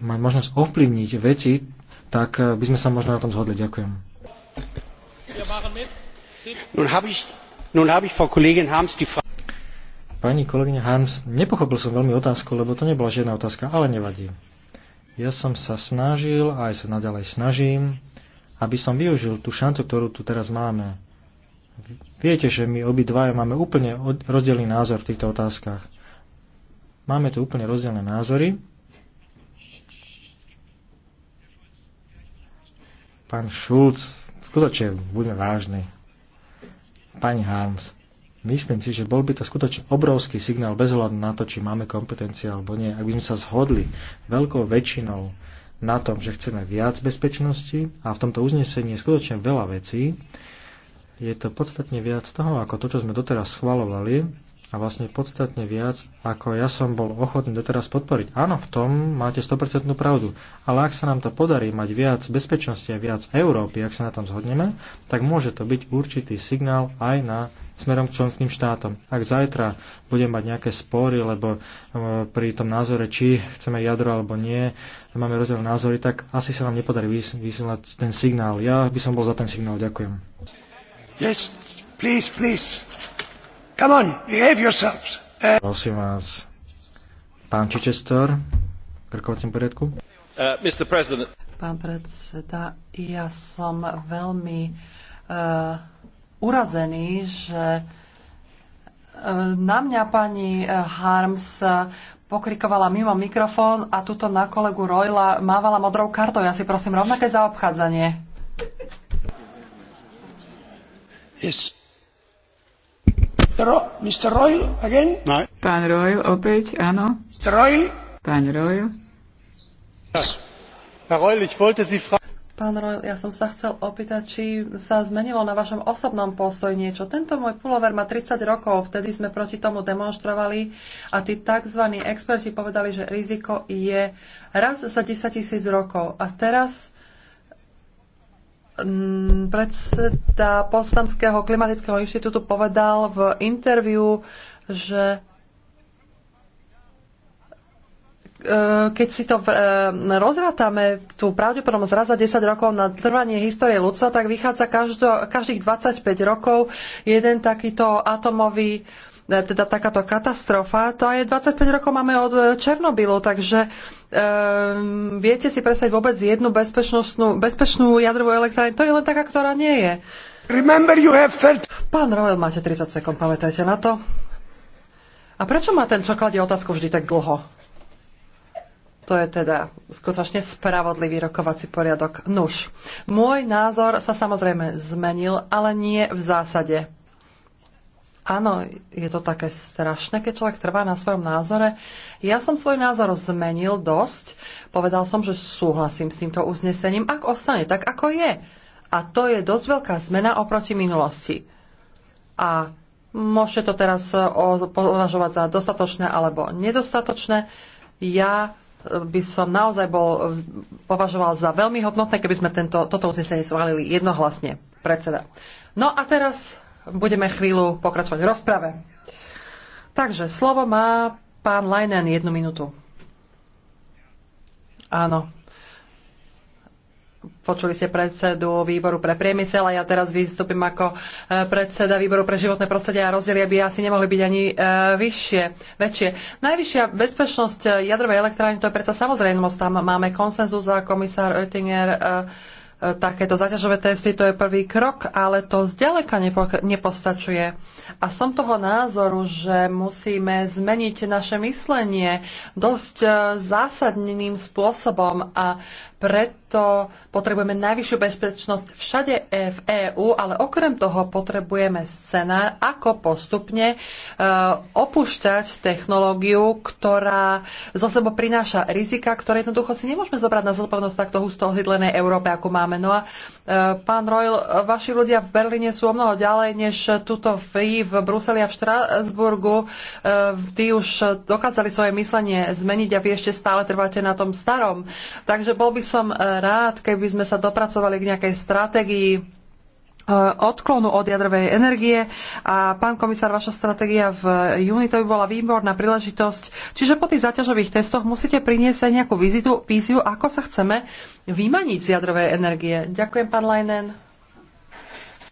mať možnosť ovplyvniť veci tak eh, by sme sa možno na tom zhodli. Ďakujem. Pani kolegyňa Harms, nepochopil som veľmi otázku, lebo to nebola žiadna otázka, ale nevadí. Ja som sa snažil a aj sa naďalej snažím, aby som využil tú šancu, ktorú tu teraz máme. Viete, že my obidvaja máme úplne rozdielný názor v týchto otázkach. Máme tu úplne rozdielne názory Pán Šulc, skutočne buďme vážni. Pani Harms, myslím si, že bol by to skutočne obrovský signál bez hľadu na to, či máme kompetencie alebo nie. Ak by sme sa zhodli veľkou väčšinou na tom, že chceme viac bezpečnosti a v tomto uznesení je skutočne veľa vecí, je to podstatne viac toho, ako to, čo sme doteraz schvalovali a vlastne podstatne viac, ako ja som bol ochotný doteraz podporiť. Áno, v tom máte 100% pravdu, ale ak sa nám to podarí mať viac bezpečnosti a viac Európy, ak sa na tom zhodneme, tak môže to byť určitý signál aj na smerom k členským štátom. Ak zajtra budem mať nejaké spory, lebo e, pri tom názore, či chceme jadro alebo nie, máme rozdielne názory, tak asi sa nám nepodarí vysielať ten signál. Ja by som bol za ten signál. Ďakujem. Yes, please, please. Come on, behave yourselves. Eh. Prosím vás, pán Čičestor, krkovacím poriadku. Uh, eh, Mr. President. Pán predseda, ja som veľmi uh, urazený, že na mňa pani Harms pokrikovala mimo mikrofón a tuto na kolegu Royla mávala modrou kartou. Ja si prosím rovnaké zaobchádzanie. Yes. Ro, Mr. Royal, again? No. Pán Royal, opäť, áno. Mr. Royal? Pán Royal. Royal, ich wollte Sie Pán Royal, ja som sa chcel opýtať, či sa zmenilo na vašom osobnom postoji niečo. Tento môj pulover má 30 rokov, vtedy sme proti tomu demonstrovali a tí tzv. experti povedali, že riziko je raz za 10 tisíc rokov. A teraz predseda Postamského klimatického inštitútu povedal v interviu, že e, keď si to e, rozrátame, tú pravdepodobnosť raz za 10 rokov na trvanie histórie ľudstva, tak vychádza každých 25 rokov jeden takýto atomový E, teda takáto katastrofa. To aj 25 rokov máme od e, Černobylu, takže um, viete si predstaviť vôbec jednu bezpečnostnú, bezpečnú jadrovú elektrárnu, To je len taká, ktorá nie je. Remember you have 30... Pán Roel, máte 30 sekúnd, pamätajte na to. A prečo má ten, čokladý otázku vždy tak dlho? To je teda skutočne spravodlivý rokovací poriadok. Nuž, môj názor sa samozrejme zmenil, ale nie v zásade. Áno, je to také strašné, keď človek trvá na svojom názore. Ja som svoj názor zmenil dosť. Povedal som, že súhlasím s týmto uznesením, ak ostane tak, ako je. A to je dosť veľká zmena oproti minulosti. A môžete to teraz eh, považovať za dostatočné alebo nedostatočné. Ja eh, by som naozaj bol, eh, považoval za veľmi hodnotné, keby sme tento, toto uznesenie schválili jednohlasne, predseda. No a teraz budeme chvíľu pokračovať v rozprave. Takže slovo má pán Lajnen jednu minútu. Áno. Počuli ste predsedu výboru pre priemysel a ja teraz vystúpim ako e, predseda výboru pre životné prostredie a rozdiely by asi nemohli byť ani e, vyššie, väčšie. Najvyššia bezpečnosť e, jadrovej elektrárne, to je predsa samozrejmosť, tam máme konsenzus a komisár Oettinger uh, takéto zaťažové testy to je prvý krok, ale to zďaleka nepo- nepostačuje. A som toho názoru, že musíme zmeniť naše myslenie dosť e, zásadným spôsobom a preto potrebujeme najvyššiu bezpečnosť všade v EÚ, ale okrem toho potrebujeme scenár, ako postupne e, opúšťať technológiu, ktorá zo sebou prináša rizika, ktoré jednoducho si nemôžeme zobrať na zodpovednosť takto husto ohydlenej Európe, ako máme. No a e, pán Royal, vaši ľudia v Berlíne sú o mnoho ďalej, než tuto vy v Bruseli a v Štrasburgu. E, vy už dokázali svoje myslenie zmeniť a vy ešte stále trváte na tom starom. Takže bol by som e, rád, keby sme sa dopracovali k nejakej stratégii e, odklonu od jadrovej energie a pán komisár, vaša stratégia v júni to by bola výborná príležitosť. Čiže po tých zaťažových testoch musíte priniesť aj nejakú vizitu, víziu, ako sa chceme vymaniť z jadrovej energie. Ďakujem, pán Lajnen.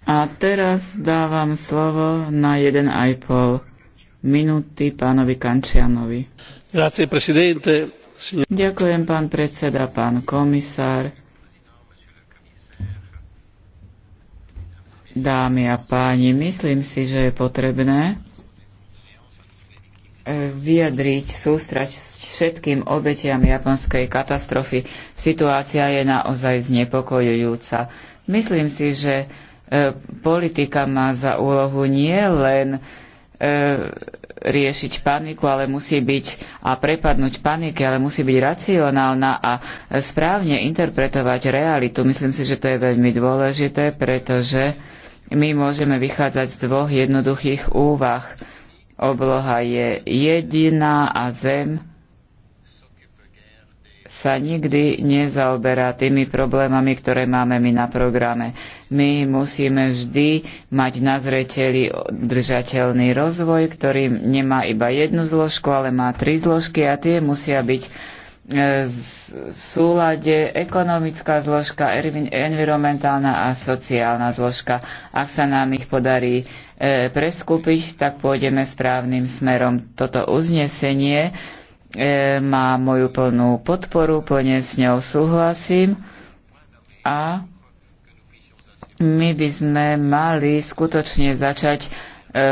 A teraz dávam slovo na 1,5 minúty pánovi Kančianovi. Grazie, presidente. Ďakujem, pán predseda, pán komisár. Dámy a páni, myslím si, že je potrebné e, vyjadriť sústrať všetkým obetiam japonskej katastrofy. Situácia je naozaj znepokojujúca. Myslím si, že e, politika má za úlohu nie len e, riešiť paniku, ale musí byť a prepadnúť panike, ale musí byť racionálna a správne interpretovať realitu. Myslím si, že to je veľmi dôležité, pretože my môžeme vychádzať z dvoch jednoduchých úvah. Obloha je jediná a zem sa nikdy nezaoberá tými problémami, ktoré máme my na programe. My musíme vždy mať na zreteli držateľný rozvoj, ktorý nemá iba jednu zložku, ale má tri zložky a tie musia byť e, v súlade ekonomická zložka, environmentálna a sociálna zložka. Ak sa nám ich podarí e, preskúpiť, tak pôjdeme správnym smerom. Toto uznesenie e, má moju plnú podporu, plne s ňou súhlasím a my by sme mali skutočne začať e,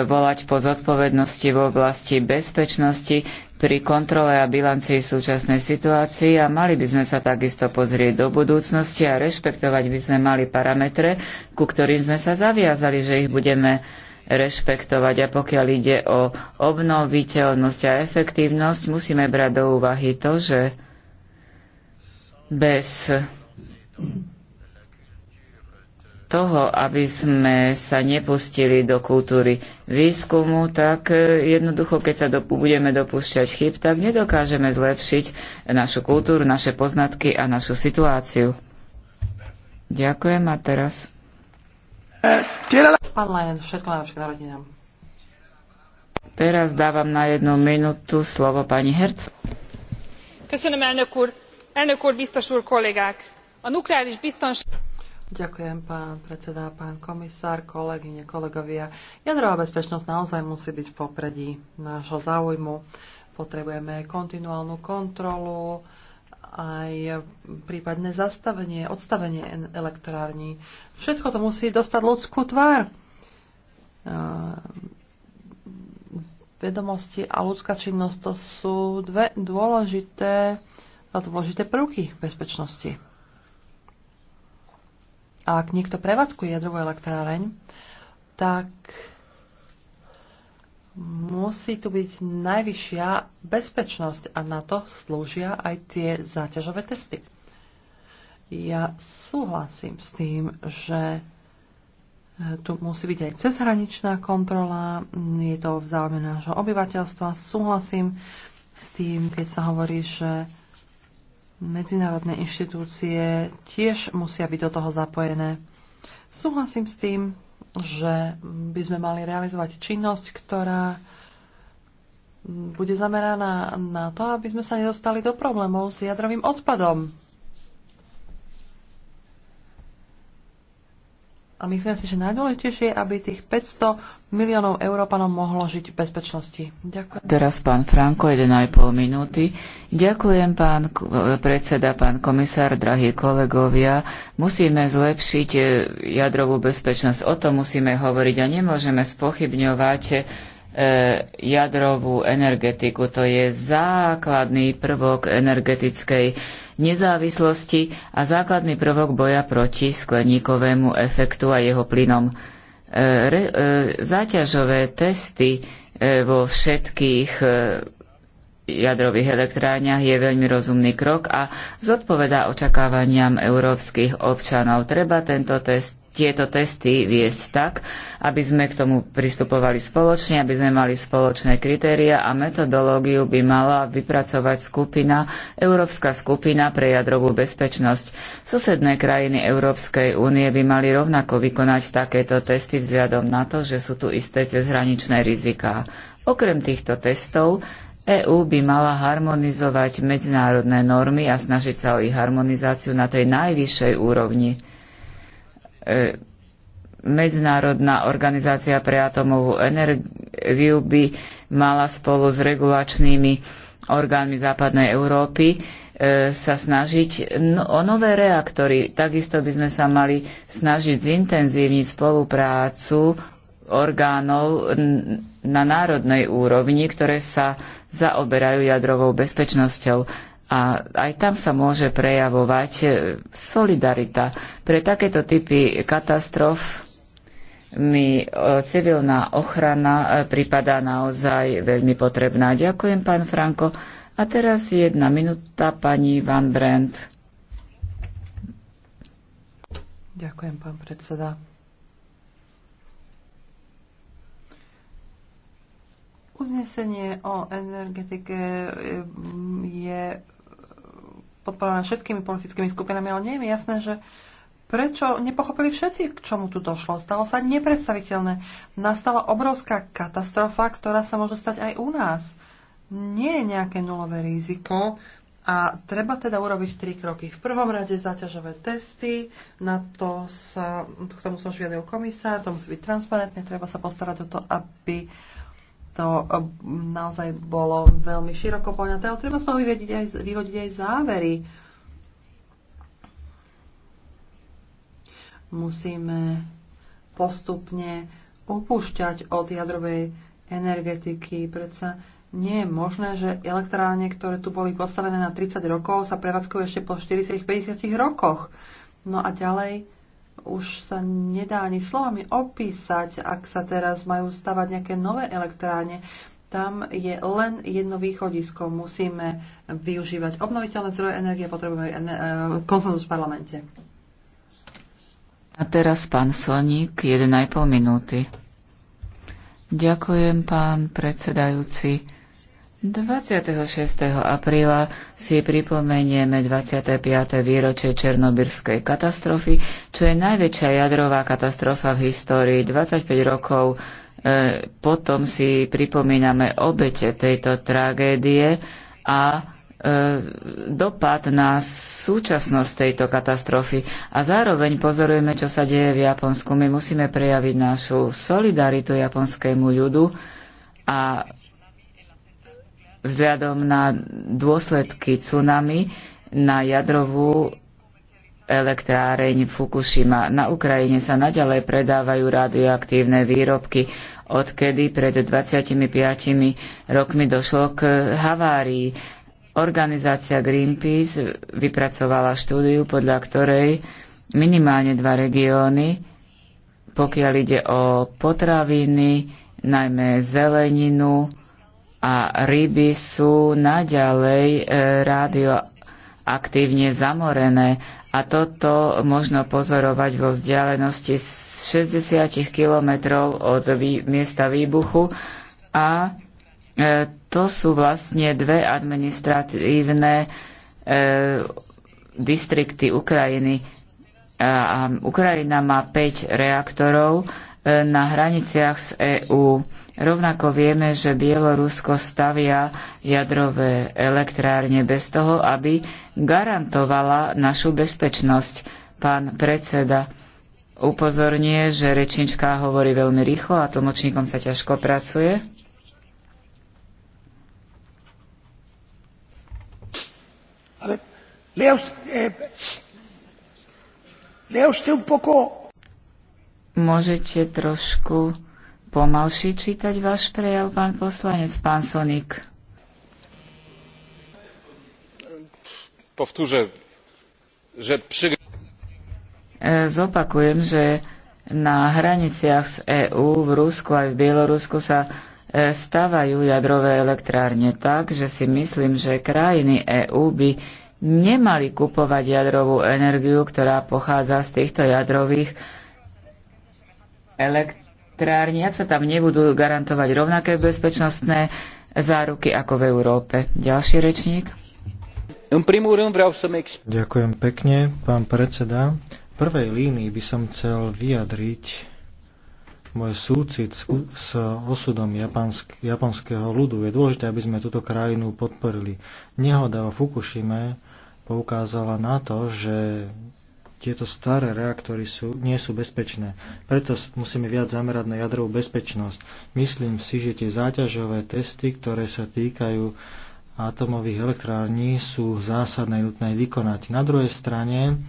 volať po zodpovednosti v oblasti bezpečnosti pri kontrole a bilancii súčasnej situácii a mali by sme sa takisto pozrieť do budúcnosti a rešpektovať by sme mali parametre, ku ktorým sme sa zaviazali, že ich budeme rešpektovať. A pokiaľ ide o obnoviteľnosť a efektívnosť, musíme brať do úvahy to, že bez toho, aby sme sa nepustili do kultúry výskumu, tak e, jednoducho, keď sa do, budeme dopúšťať chyb, tak nedokážeme zlepšiť našu kultúru, naše poznatky a našu situáciu. Ďakujem a teraz. Pán všetko najlepšie Teraz dávam na jednu minútu slovo pani Herc. Köszönöm, elnök úr. Elnök úr, biztos úr, kollégák. A nukleáris biztonság... Ďakujem, pán predseda, pán komisár, kolegyne, kolegovia. Jadrová bezpečnosť naozaj musí byť v popredí nášho záujmu. Potrebujeme kontinuálnu kontrolu, aj prípadné zastavenie, odstavenie elektrární. Všetko to musí dostať ľudskú tvár. Ehm, vedomosti a ľudská činnosť to sú dve dôležité, dôležité prvky bezpečnosti. A ak niekto prevádzkuje jadrovú elektráreň, tak musí tu byť najvyššia bezpečnosť a na to slúžia aj tie záťažové testy. Ja súhlasím s tým, že e, tu musí byť aj cezhraničná kontrola, je to v záujme nášho obyvateľstva. Súhlasím s tým, keď sa hovorí, že medzinárodné inštitúcie tiež musia byť do toho zapojené. Súhlasím s tým, že by sme mali realizovať činnosť, ktorá bude zameraná na to, aby sme sa nedostali do problémov s jadrovým odpadom. A myslím si, že najdôležitejšie je, aby tých 500 miliónov Európanov mohlo žiť v bezpečnosti. Ďakujem. Teraz pán Franko, 1,5 minúty. Ďakujem, pán predseda, pán komisár, drahí kolegovia. Musíme zlepšiť e, jadrovú bezpečnosť. O tom musíme hovoriť a nemôžeme spochybňovať e, jadrovú energetiku. To je základný prvok energetickej nezávislosti a základný prvok boja proti skleníkovému efektu a jeho plynom. E, záťažové testy vo všetkých jadrových elektrániach je veľmi rozumný krok a zodpovedá očakávaniam európskych občanov. Treba tento test, tieto testy viesť tak, aby sme k tomu pristupovali spoločne, aby sme mali spoločné kritéria a metodológiu by mala vypracovať skupina, Európska skupina pre jadrovú bezpečnosť. Susedné krajiny Európskej únie by mali rovnako vykonať takéto testy vzhľadom na to, že sú tu isté cezhraničné riziká. Okrem týchto testov EÚ by mala harmonizovať medzinárodné normy a snažiť sa o ich harmonizáciu na tej najvyššej úrovni. E, Medzinárodná organizácia pre atómovú energiu by mala spolu s regulačnými orgánmi západnej Európy e, sa snažiť no, o nové reaktory. Takisto by sme sa mali snažiť zintenzívniť spoluprácu orgánov na národnej úrovni, ktoré sa zaoberajú jadrovou bezpečnosťou. A aj tam sa môže prejavovať e, solidarita. Pre takéto typy katastrof mi e, civilná ochrana e, pripadá naozaj veľmi potrebná. Ďakujem, pán Franko. A teraz jedna minúta, pani Van Brandt. Ďakujem, pán predseda. Uznesenie o energetike eh, je podporované všetkými politickými skupinami, ale nie je mi jasné, že prečo nepochopili všetci, k čomu tu došlo. Stalo sa nepredstaviteľné. Nastala obrovská katastrofa, ktorá sa môže stať aj u nás. Nie je nejaké nulové riziko a treba teda urobiť tri kroky. V prvom rade záťažové testy, na to sa, k tomu som žiadil komisár, to musí byť transparentné, treba sa postarať o to, aby uh, to eh, naozaj bolo veľmi široko poňaté, ale treba z toho vyvodiť aj, vyvodiť aj závery. Musíme postupne upúšťať od jadrovej energetiky. Predsa nie je možné, že elektrárne, ktoré tu boli postavené na 30 rokov, sa prevádzkujú ešte po 40-50 rokoch. No a ďalej už sa nedá ani slovami opísať, ak sa teraz majú stavať nejaké nové elektrárne. Tam je len jedno východisko. Musíme využívať obnoviteľné zdroje energie, potrebujeme e, konsenzus v parlamente. A teraz pán Slník, 1,5 minúty. Ďakujem, pán predsedajúci. 26. apríla si pripomenieme 25. výročie Černobyrskej katastrofy, čo je najväčšia jadrová katastrofa v histórii. 25 rokov e, potom si pripomíname obete tejto tragédie a e, dopad na súčasnosť tejto katastrofy a zároveň pozorujeme, čo sa deje v Japonsku. My musíme prejaviť našu solidaritu japonskému ľudu a vzhľadom na dôsledky tsunami na jadrovú elektráreň Fukushima. Na Ukrajine sa naďalej predávajú radioaktívne výrobky, odkedy pred 25 rokmi došlo k havárii. Organizácia Greenpeace vypracovala štúdiu, podľa ktorej minimálne dva regióny, pokiaľ ide o potraviny, najmä zeleninu, a ryby sú naďalej e, radioaktívne zamorené a toto možno pozorovať vo vzdialenosti 60 kilometrov od miesta výbuchu a e, to sú vlastne dve administratívne e, distrikty Ukrajiny. A Ukrajina má 5 reaktorov E, na hraniciach z EÚ. Rovnako vieme, že Bielorusko stavia jadrové elektrárne bez toho, aby garantovala našu bezpečnosť. Pán predseda upozorňuje, že rečnička hovorí veľmi rýchlo a tlmočníkom sa ťažko pracuje. E, un poco Môžete trošku pomalšie čítať váš prejav, pán poslanec, pán Sonik. Povtúže, že pri... E, zopakujem, že na hraniciach z EÚ v Rusku aj v Bielorusku sa e, stavajú jadrové elektrárne tak, že si myslím, že krajiny EÚ by nemali kupovať jadrovú energiu, ktorá pochádza z týchto jadrových elektrárni, ak sa tam nebudú garantovať rovnaké bezpečnostné záruky ako v Európe. Ďalší rečník. Ďakujem pekne, pán predseda. V prvej línii by som chcel vyjadriť môj súcit s, osudom japansk, japonského ľudu. Je dôležité, aby sme túto krajinu podporili. Nehoda o Fukushime poukázala na to, že tieto staré reaktory sú, nie sú bezpečné. Preto musíme viac zamerať na jadrovú bezpečnosť. Myslím si, že tie záťažové testy, ktoré sa týkajú atomových elektrární, sú zásadné nutné vykonať. Na druhej strane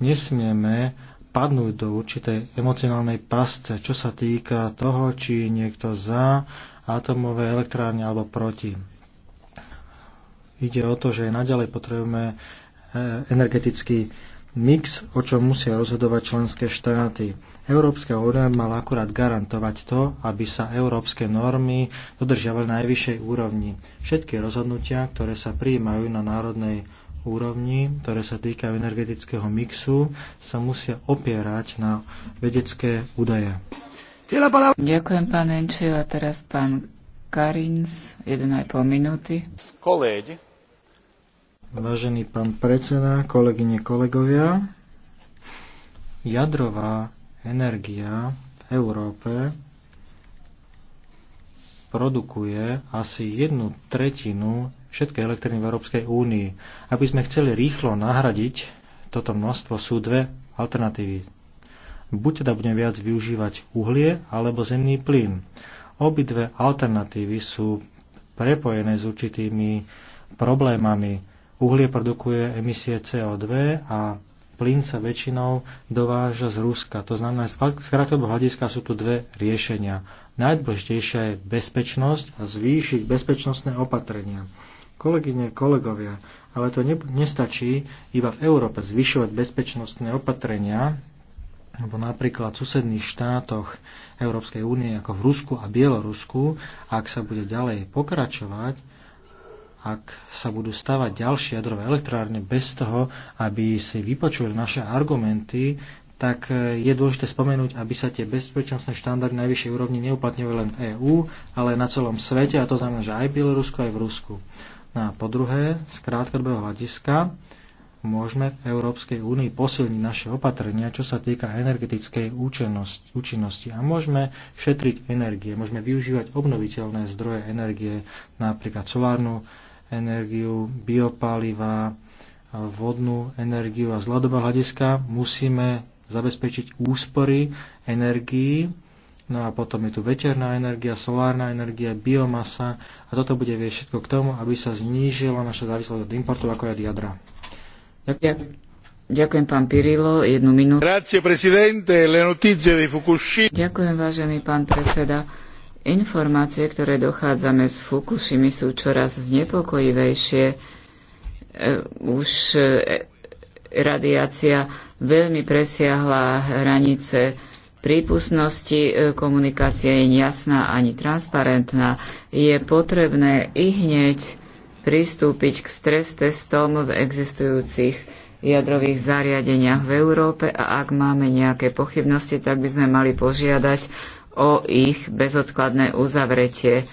nesmieme padnúť do určitej emocionálnej pasce, čo sa týka toho, či niekto za atomové elektrárne alebo proti. Ide o to, že naďalej potrebujeme e, energetický mix, o čom musia rozhodovať členské štáty. Európska únia mala akurát garantovať to, aby sa európske normy dodržiavali na najvyššej úrovni. Všetky rozhodnutia, ktoré sa prijímajú na národnej úrovni, ktoré sa týkajú energetického mixu, sa musia opierať na vedecké údaje. Ďakujem, pán Enčil. A teraz pán Karins, 1,5 minúty. Vážený pán predseda, kolegyne, kolegovia, jadrová energia v Európe produkuje asi jednu tretinu všetkej elektriny v Európskej únii. Aby sme chceli rýchlo nahradiť toto množstvo, sú dve alternatívy. Buď teda budeme viac využívať uhlie alebo zemný plyn. Obidve alternatívy sú prepojené s určitými problémami. Uhlie produkuje emisie CO2 a plyn sa väčšinou dováža z Ruska. To znamená, z krátkodobého hľadiska sú tu dve riešenia. Najdôležitejšia je bezpečnosť a zvýšiť bezpečnostné opatrenia. Kolegyne, kolegovia, ale to ne, nestačí iba v Európe zvyšovať bezpečnostné opatrenia, alebo napríklad v susedných štátoch Európskej únie, ako v Rusku a Bielorusku, ak sa bude ďalej pokračovať, ak sa budú stavať ďalšie jadrové elektrárne bez toho, aby si vypočuli naše argumenty, tak e, je dôležité spomenúť, aby sa tie bezpečnostné štandardy najvyššej úrovni neuplatňovali len v EÚ, ale na celom svete, a to znamená, že aj v Bielorusku, aj v Rusku. No a po druhé, z krátkodobého hľadiska, môžeme v Európskej únii posilniť naše opatrenia, čo sa týka energetickej účinnosti. A môžeme šetriť energie, môžeme využívať obnoviteľné zdroje energie, napríklad solárnu energiu, biopáliva, vodnú energiu a z hľadového hľadiska musíme zabezpečiť úspory energií, no a potom je tu veterná energia, solárna energia, biomasa a toto bude vieť všetko k tomu, aby sa znížila naša závislosť od importu ako aj od jadra. Ďakujem. Ďakujem, pán Pirilo. Jednu minútu. Ďakujem, vážený pán predseda. Informácie, ktoré dochádzame z Fukushimy, sú čoraz znepokojivejšie. E, už e, radiácia veľmi presiahla hranice prípustnosti, e, komunikácia je nejasná ani transparentná. Je potrebné i hneď pristúpiť k stres testom v existujúcich jadrových zariadeniach v Európe a ak máme nejaké pochybnosti, tak by sme mali požiadať o ich bezodkladné uzavretie.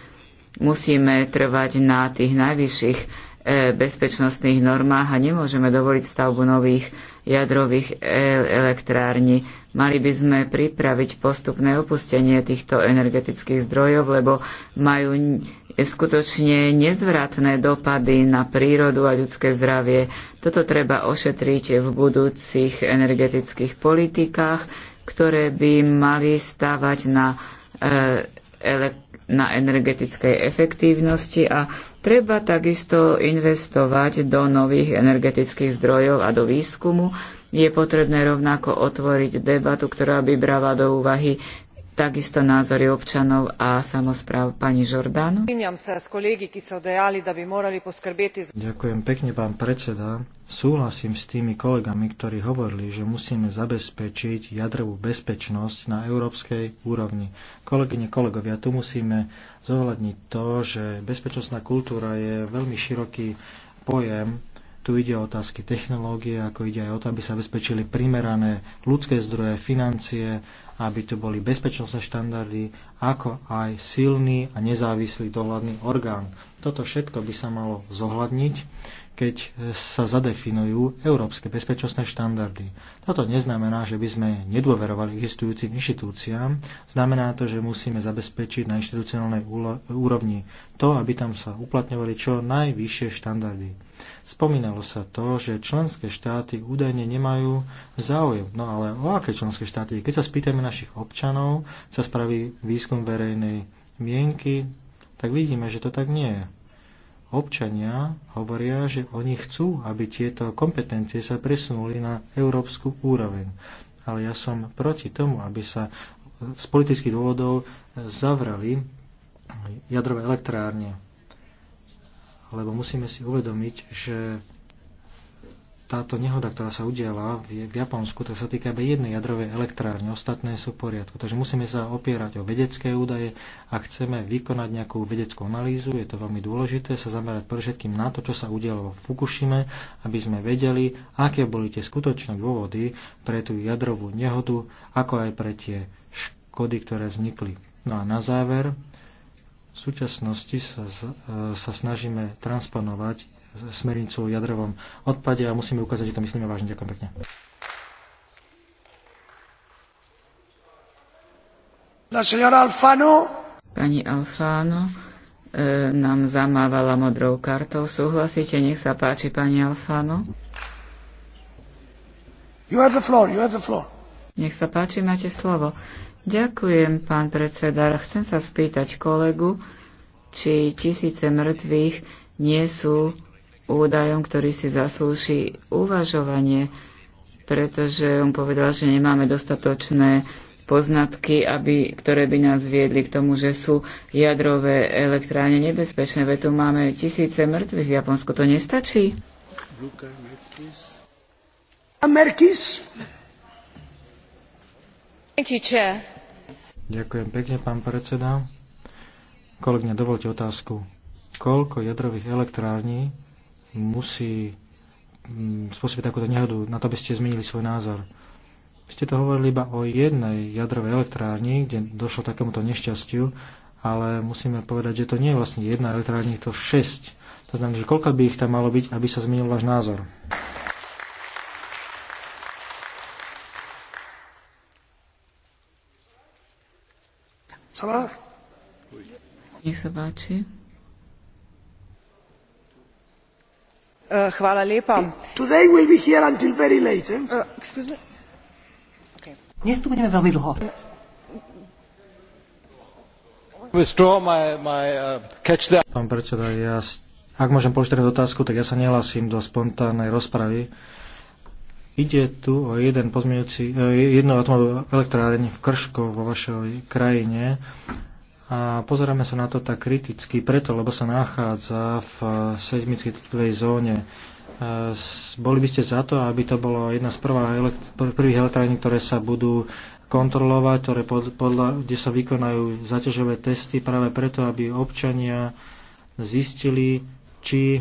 Musíme trvať na tých najvyšších eh, bezpečnostných normách a nemôžeme dovoliť stavbu nových jadrových eh, elektrární. Mali by sme pripraviť postupné opustenie týchto energetických zdrojov, lebo majú skutočne nezvratné dopady na prírodu a ľudské zdravie. Toto treba ošetriť v budúcich energetických politikách ktoré by mali stávať na, e, na energetickej efektívnosti a treba takisto investovať do nových energetických zdrojov a do výskumu. Je potrebné rovnako otvoriť debatu, ktorá by brala do úvahy takisto názory občanov a samozpráv pani Žordán. Ďakujem pekne, pán predseda. Súhlasím s tými kolegami, ktorí hovorili, že musíme zabezpečiť jadrovú bezpečnosť na európskej úrovni. Kolegyne, kolegovia, tu musíme zohľadniť to, že bezpečnostná kultúra je veľmi široký pojem tu ide o otázky technológie, ako ide aj o to, aby sa zabezpečili primerané ľudské zdroje, financie, aby tu boli bezpečnostné štandardy, ako aj silný a nezávislý dohľadný orgán. Toto všetko by sa malo zohľadniť keď sa zadefinujú európske bezpečnostné štandardy. Toto neznamená, že by sme nedôverovali existujúcim inštitúciám, znamená to, že musíme zabezpečiť na inštitucionálnej úrovni to, aby tam sa uplatňovali čo najvyššie štandardy. Spomínalo sa to, že členské štáty údajne nemajú záujem. No ale o aké členské štáty? Keď sa spýtame našich občanov, sa spraví výskum verejnej mienky, tak vidíme, že to tak nie je občania hovoria, že oni chcú, aby tieto kompetencie sa presunuli na európsku úroveň. Ale ja som proti tomu, aby sa z politických dôvodov zavrali jadrové elektrárne. Lebo musíme si uvedomiť, že táto nehoda, ktorá sa udiala v, v Japonsku, tak sa týka iba jednej jadrovej elektrárne, ostatné sú v poriadku. Takže musíme sa opierať o vedecké údaje a chceme vykonať nejakú vedeckú analýzu, je to veľmi dôležité, sa zamerať predovšetkým na to, čo sa udialo v Fukushime, aby sme vedeli, aké boli tie skutočné dôvody pre tú jadrovú nehodu, ako aj pre tie škody, ktoré vznikli. No a na záver, v súčasnosti sa, e, sa snažíme transponovať smernicu o jadrovom odpade a musíme ukázať, že to myslíme vážne. Ďakujem pekne. La señora Alfano. Pani Alfano e, nám zamávala modrou kartou. Súhlasíte? Nech sa páči, pani Alfano. You have the floor, you have the floor. Nech sa páči, máte slovo. Ďakujem, pán predseda. Chcem sa spýtať kolegu, či tisíce mŕtvych nie sú údajom, ktorý si zaslúši uvažovanie, pretože on povedal, že nemáme dostatočné poznatky, aby, ktoré by nás viedli k tomu, že sú jadrové elektrárne nebezpečné. Veď tu máme tisíce mŕtvych v Japonsku. To nestačí? Luka Merkis. Ďakujem pekne, pán predseda. Kolegne, dovolte otázku. Koľko jadrových elektrární musí mm, spôsobiť takúto nehodu, na to aby ste zmenili svoj názor. Ste to hovorili iba o jednej jadrovej elektrárni, kde došlo takémuto nešťastiu, ale musíme povedať, že to nie je vlastne jedna elektrárni, to šesť. To znamená, že koľko by ich tam malo byť, aby sa zmenil váš názor? Nech sa páči. Eh, eh, eh? dnes tu budeme veľmi dlho. Uh, Pán predseda, ja, ak môžem položiť teraz otázku, tak ja sa nehlásim do spontánnej rozpravy. Ide tu o jeden pozmeňujúci, jednu atomovú elektráreň v Krško vo vašej krajine a pozeráme sa na to tak kriticky, preto, lebo sa nachádza v seizmickej zóne. E, boli by ste za to, aby to bolo jedna z prvých elektrární, ktoré sa budú kontrolovať, ktoré pod, podľa, kde sa vykonajú zaťažové testy práve preto, aby občania zistili, či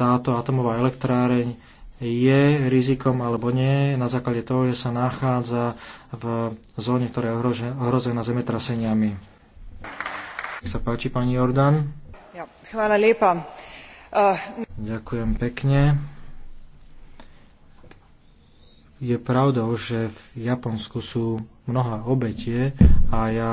táto atomová elektráreň je rizikom alebo nie na základe toho, že sa nachádza v zóne, ktorá je ohrozená zemetraseniami sa páči, Jordan. Ja, chvála lepa. Uh... Eh, Ďakujem pekne. Je pravdou, že v Japonsku sú mnoha obetie a ja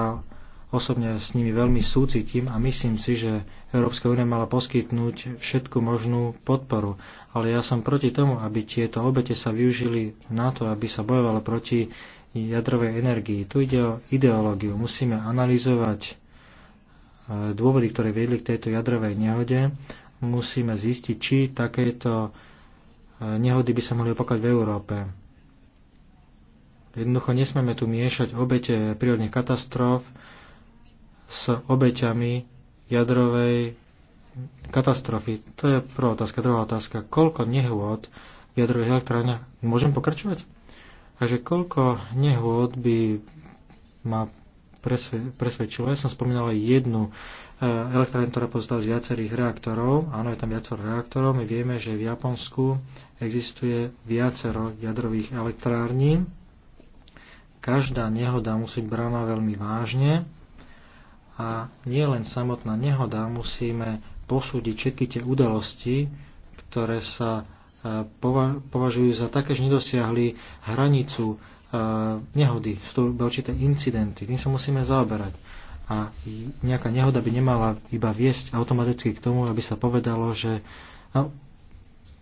osobne s nimi veľmi súcitím a myslím si, že Európska únia mala poskytnúť všetku možnú podporu. Ale ja som proti tomu, aby tieto obete sa využili na to, aby sa bojovalo proti jadrovej energii. Tu ide o ideológiu. Musíme analyzovať E, dôvody, ktoré viedli k tejto jadrovej nehode, musíme zistiť, či takéto e, nehody by sa mohli opakovať v Európe. Jednoducho nesmieme tu miešať obete prírodných katastrof s obeťami jadrovej katastrofy. To je prvá otázka. Druhá otázka. Koľko nehôd v jadrových elektrárniach... Môžem pokračovať? Takže koľko nehôd by ma presvedčilo. Ja som spomínal aj jednu e, elektrárnu, ktorá pozostá z viacerých reaktorov. Áno, je tam viacero reaktorov. My vieme, že v Japonsku existuje viacero jadrových elektrární. Každá nehoda musí byť braná veľmi vážne a nie len samotná nehoda, musíme posúdiť všetky tie udalosti, ktoré sa e, považujú za také, že nedosiahli hranicu Eh, nehody, sú to určité incidenty, tým sa musíme zaoberať. A nejaká nehoda by nemala iba viesť automaticky k tomu, aby sa povedalo, že... No,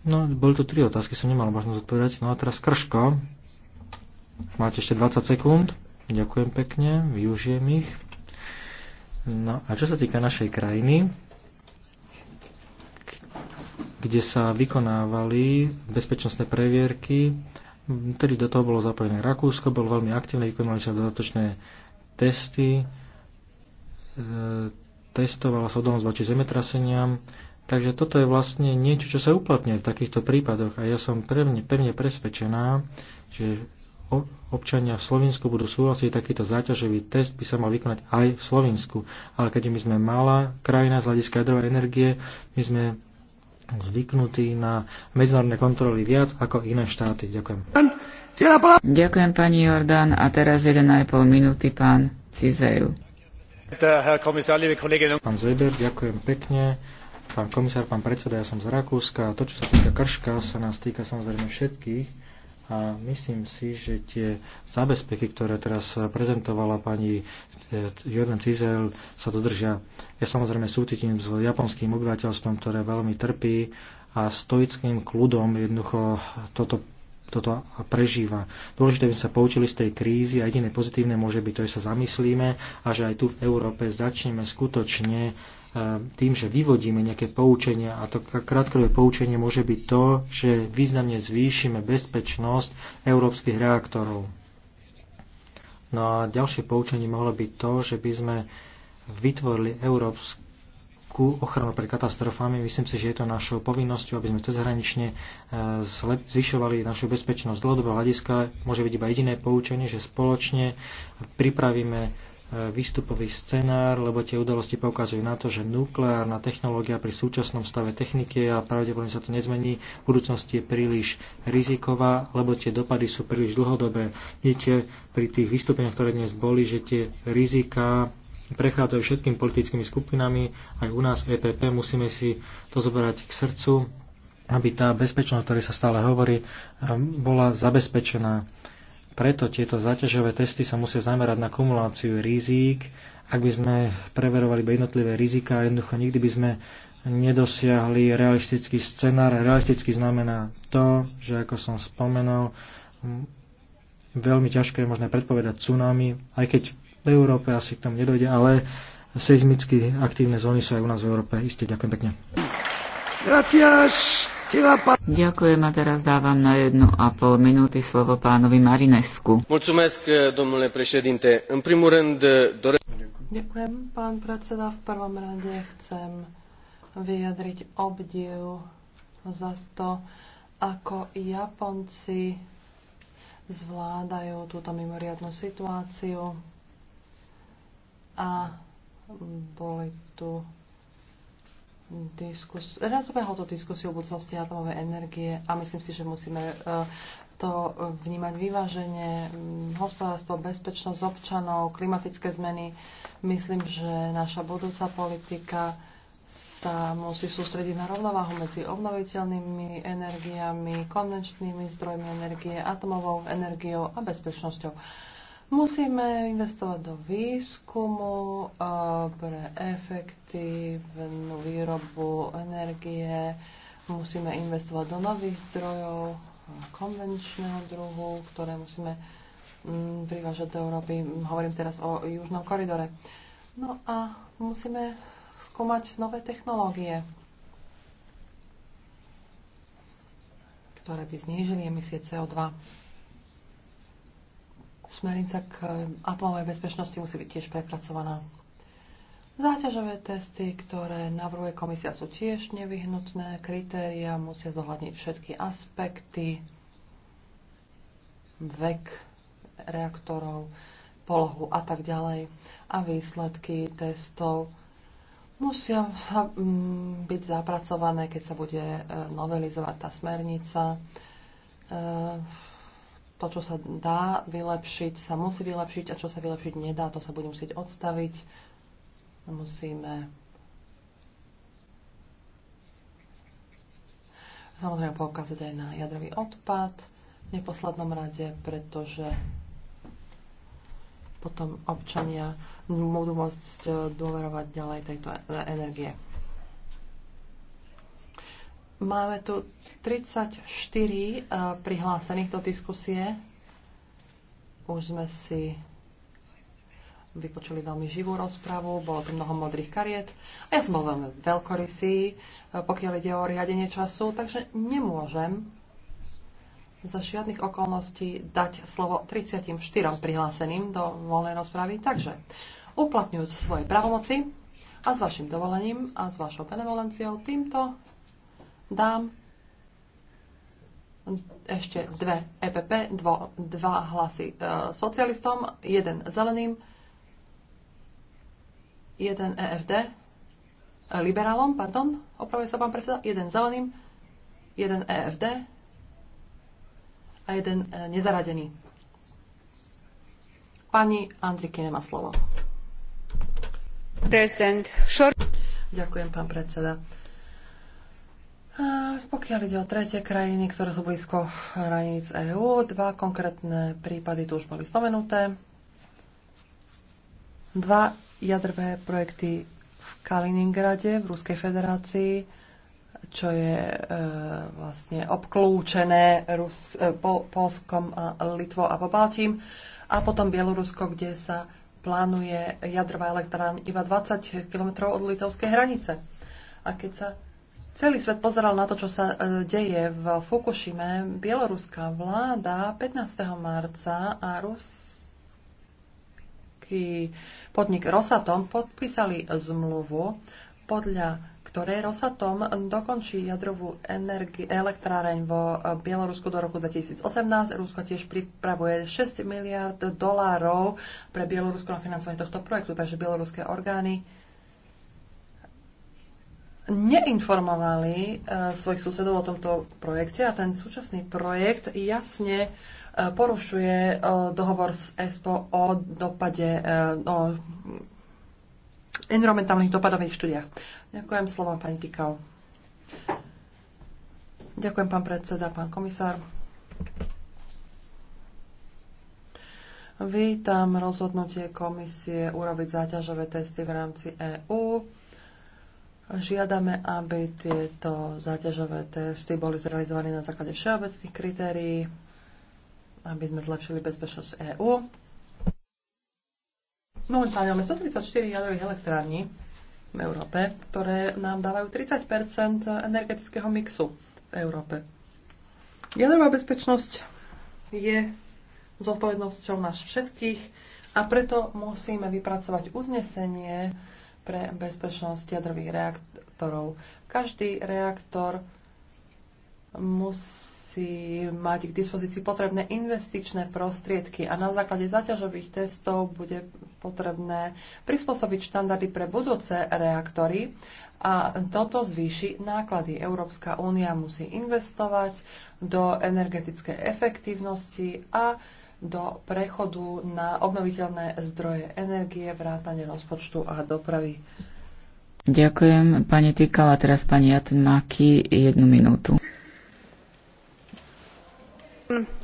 no boli to tri otázky, som nemal možnosť odpovedať. No a teraz Krško. Máte ešte 20 sekúnd. Ďakujem pekne, využijem ich. No a čo sa týka našej krajiny, kde sa vykonávali bezpečnostné previerky Tedy do toho bolo zapojené Rakúsko, bol veľmi aktívne, vykonali sa dodatočné testy, e, testovala sa odolnosť voči zemetraseniam, takže toto je vlastne niečo, čo sa uplatňuje v takýchto prípadoch a ja som pevne, pevne presvedčená, že občania v Slovensku budú súhlasiť, takýto záťažový test by sa mal vykonať aj v Slovensku. Ale keď my sme malá krajina z hľadiska jadrovej energie, my sme zvyknutí na medzinárodné kontroly viac ako iné štáty. Ďakujem. Ďakujem pani Jordan a teraz 1,5 minúty pán Cizeru. Pán Zeber, ďakujem pekne. Pán komisár, pán predseda, ja som z Rakúska. To, čo sa týka Krška, sa nás týka samozrejme všetkých a myslím si, že tie zábezpeky, ktoré teraz prezentovala pani eh, Jordan Cizel, sa dodržia. Ja samozrejme súcitím s japonským obyvateľstvom, ktoré veľmi trpí a stoickým kľudom jednoducho toto toto prežíva. Dôležité by sa poučili z tej krízy a jediné pozitívne môže byť to, že sa zamyslíme a že aj tu v Európe začneme skutočne tým, že vyvodíme nejaké poučenia, a to krátkové poučenie môže byť to, že významne zvýšime bezpečnosť európskych reaktorov. No a ďalšie poučenie mohlo byť to, že by sme vytvorili európsku ochranu pred katastrofami. Myslím si, že je to našou povinnosťou, aby sme cezhranične e, zvyšovali našu bezpečnosť dlhodobého hľadiska. Môže byť iba jediné poučenie, že spoločne pripravíme výstupový scenár, lebo tie udalosti poukazujú na to, že nukleárna technológia pri súčasnom stave techniky a pravdepodobne sa to nezmení, v budúcnosti je príliš riziková, lebo tie dopady sú príliš dlhodobé. Vidíte pri tých vystúpeniach, ktoré dnes boli, že tie rizika prechádzajú všetkými politickými skupinami, aj u nás EPP musíme si to zobrať k srdcu, aby tá bezpečnosť, o ktorej sa stále hovorí, ehm, bola zabezpečená preto tieto záťažové testy sa musia zamerať na kumuláciu rizík. Ak by sme preverovali iba jednotlivé rizika, jednoducho nikdy by sme nedosiahli realistický scenár. Realisticky znamená to, že ako som spomenul, veľmi ťažké je možné predpovedať tsunami, aj keď v Európe asi k tomu nedojde, ale seizmicky aktívne zóny sú aj u nás v Európe. Isté, ďakujem pekne. Gracias. Ďakujem a teraz dávam na jednu a pol minúty slovo pánovi Marinesku. Ďakujem, pán predseda. V prvom rade chcem vyjadriť obdiv za to, ako Japonci zvládajú túto mimoriadnú situáciu a boli tu diskus- rozbehol tú diskusiu o budúcnosti atomovej energie a myslím si, že musíme e, to vnímať vyváženie, hospodárstvo, bezpečnosť občanov, klimatické zmeny. Myslím, že naša budúca politika sa musí sústrediť na rovnováhu medzi obnoviteľnými energiami, konvenčnými zdrojmi energie, atomovou energiou a bezpečnosťou. Musíme investovať do výskumu pre efektívnu výrobu energie, musíme investovať do nových zdrojov konvenčného druhu, ktoré musíme mm, privážať do Európy. Hovorím teraz o južnom koridore. No a musíme skúmať nové technológie, ktoré by znížili emisie CO2. Smernica k eh, atomovej bezpečnosti musí byť tiež prepracovaná. Záťažové testy, ktoré navrhuje komisia, sú tiež nevyhnutné. Kritéria musia zohľadniť všetky aspekty, vek reaktorov, polohu a tak ďalej. A výsledky testov musia mm, byť zapracované, keď sa bude eh, novelizovať tá smernica eh, to, čo sa dá vylepšiť, sa musí vylepšiť a čo sa vylepšiť nedá, to sa bude musieť odstaviť. Musíme samozrejme poukázať aj na jadrový odpad v neposlednom rade, pretože potom občania budú môcť dôverovať ďalej tejto e-, energie. Máme tu 34 eh, prihlásených do diskusie. Už sme si vypočuli veľmi živú rozpravu, bolo tu mnoho modrých kariet a ja som bol veľmi veľkorysý, eh, pokiaľ ide o riadenie času, takže nemôžem za žiadnych okolností dať slovo 34 prihláseným do voľnej rozpravy. Takže uplatňujúc svoje pravomoci a s vašim dovolením a s vašou benevolenciou týmto dám ešte dve EPP, dvo, dva hlasy e, socialistom, jeden zeleným, jeden EFD, e, liberálom, pardon, opravuje sa pán predseda, jeden zeleným, jeden EFD a jeden e, nezaradený. Pani Andriky nemá slovo. President. Ďakujem, pán predseda pokiaľ ide o tretie krajiny, ktoré sú blízko hraníc EÚ, dva konkrétne prípady tu už boli spomenuté. Dva jadrové projekty v Kaliningrade v Ruskej federácii, čo je e, vlastne obklúčené Rus, e, Pol, Polskom a Litvou a Pobaltím. A potom Bielorusko, kde sa plánuje jadrová elektrán iba 20 km od litovskej hranice. A keď sa Celý svet pozeral na to, čo sa e, deje v Fukushime. Bieloruská vláda 15. marca a ruský podnik Rosatom podpísali zmluvu, podľa ktorej Rosatom dokončí jadrovú energi- elektráreň vo e, Bielorusku do roku 2018. Rusko tiež pripravuje 6 miliard dolárov pre Bielorusko na financovanie tohto projektu, takže bieloruské orgány neinformovali e, svojich susedov o tomto projekte a ten súčasný projekt jasne e, porušuje e, dohovor s ESPO o dopade, o environmentálnych dopadových štúdiách. Ďakujem slova, pani Tikal. Ďakujem pán predseda, pán komisár. Vítam rozhodnutie komisie urobiť záťažové testy v rámci EÚ Žiadame, aby tieto záťažové testy boli zrealizované na základe všeobecných kritérií, aby sme zlepšili bezpečnosť EÚ. Momentálne máme 134 jadrových elektrární v Európe, ktoré nám dávajú 30 energetického mixu v Európe. Jadrová bezpečnosť je zodpovednosťou nás všetkých a preto musíme vypracovať uznesenie, pre bezpečnosť jadrových reaktorov. Každý reaktor musí mať k dispozícii potrebné investičné prostriedky a na základe zaťažových testov bude potrebné prispôsobiť štandardy pre budúce reaktory a toto zvýši náklady. Európska únia musí investovať do energetickej efektívnosti a do prechodu na obnoviteľné zdroje energie, vrátane rozpočtu a dopravy. Ďakujem, pani Týkala. Teraz pani Jatnáky, jednu minútu.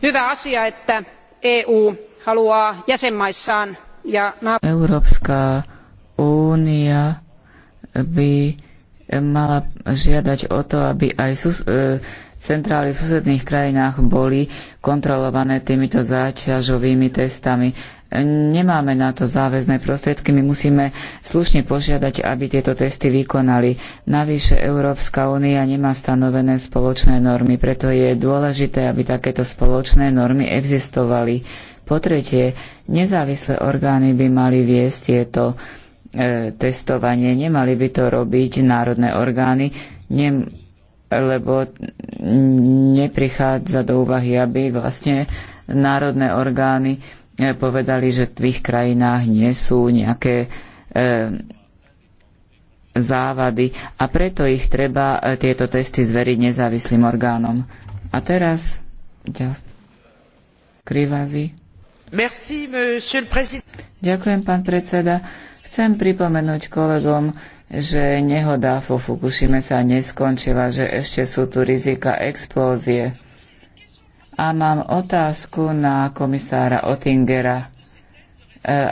Hyvä asia, että EU haluaa jäsenmaissaan ja... Európska únia by mala žiadať o to, aby aj sus, e, Centrály v susedných krajinách boli kontrolované týmito záťažovými testami. Nemáme na to záväzné prostriedky, my musíme slušne požiadať, aby tieto testy vykonali. Navyše Európska únia nemá stanovené spoločné normy, preto je dôležité, aby takéto spoločné normy existovali. Po tretie, nezávislé orgány by mali viesť tieto e, testovanie, nemali by to robiť národné orgány, lebo neprichádza do úvahy, aby vlastne národné orgány e, povedali, že v ich krajinách nie sú nejaké e, závady a preto ich treba e, tieto testy zveriť nezávislým orgánom. A teraz ďal, Merci, monsieur le président. Ďakujem, pán predseda. Chcem pripomenúť kolegom, že nehoda vo Fukushime sa neskončila, že ešte sú tu rizika explózie. A mám otázku na komisára Otingera. E,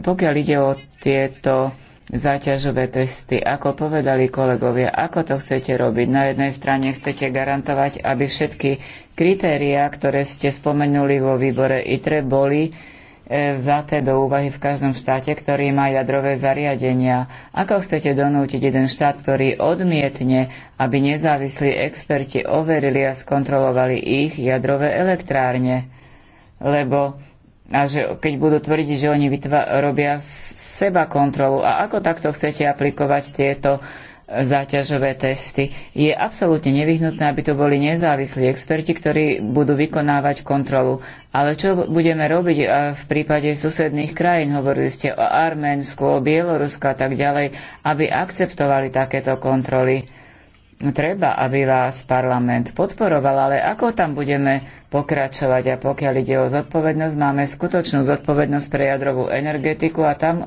pokiaľ ide o tieto záťažové testy, ako povedali kolegovia, ako to chcete robiť? Na jednej strane chcete garantovať, aby všetky kritériá, ktoré ste spomenuli vo výbore ITRE, boli vzaté do úvahy v každom štáte, ktorý má jadrové zariadenia. Ako chcete donútiť jeden štát, ktorý odmietne, aby nezávislí experti overili a skontrolovali ich jadrové elektrárne? Lebo a že keď budú tvrdiť, že oni robia seba kontrolu. A ako takto chcete aplikovať tieto záťažové testy. Je absolútne nevyhnutné, aby to boli nezávislí experti, ktorí budú vykonávať kontrolu. Ale čo budeme robiť v prípade susedných krajín? Hovorili ste o Arménsku, o Bielorusku a tak ďalej, aby akceptovali takéto kontroly. Treba, aby vás parlament podporoval, ale ako tam budeme pokračovať? A pokiaľ ide o zodpovednosť, máme skutočnú zodpovednosť pre jadrovú energetiku a tam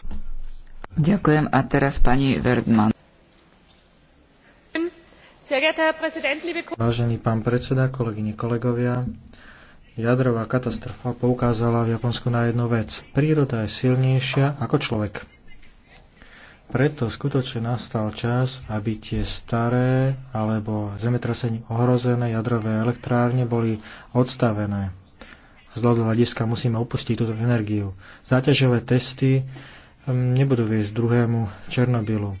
Ďakujem a teraz pani Verdman. Vážený pán predseda, kolegyne, kolegovia, jadrová katastrofa poukázala v Japonsku na jednu vec. Príroda je silnejšia ako človek. Preto skutočne nastal čas, aby tie staré alebo zemetrasení ohrozené jadrové elektrárne boli odstavené. Z hľadiska musíme opustiť túto energiu. Záťažové testy Ehm, nebudú viesť druhému Černobylu.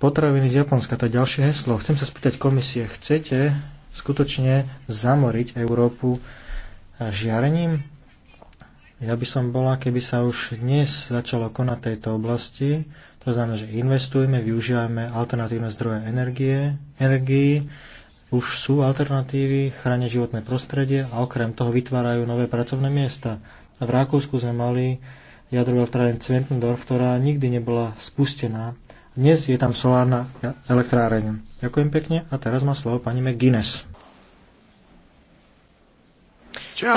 Potraviny z Japonska, to je ďalšie heslo. Chcem sa spýtať komisie, chcete skutočne zamoriť Európu eh, žiarením? Ja by som bola, keby sa už dnes začalo konať tejto oblasti, to znamená, že investujeme, využívame alternatívne zdroje energie, energii, už sú alternatívy, chránia životné prostredie a okrem toho vytvárajú nové pracovné miesta. A v Rakúsku sme mali jadrová elektráreň Cventendorf, ktorá nikdy nebola spustená. Dnes je tam solárna elektráreň. Ďakujem pekne a teraz má slovo pani McGuinness. You,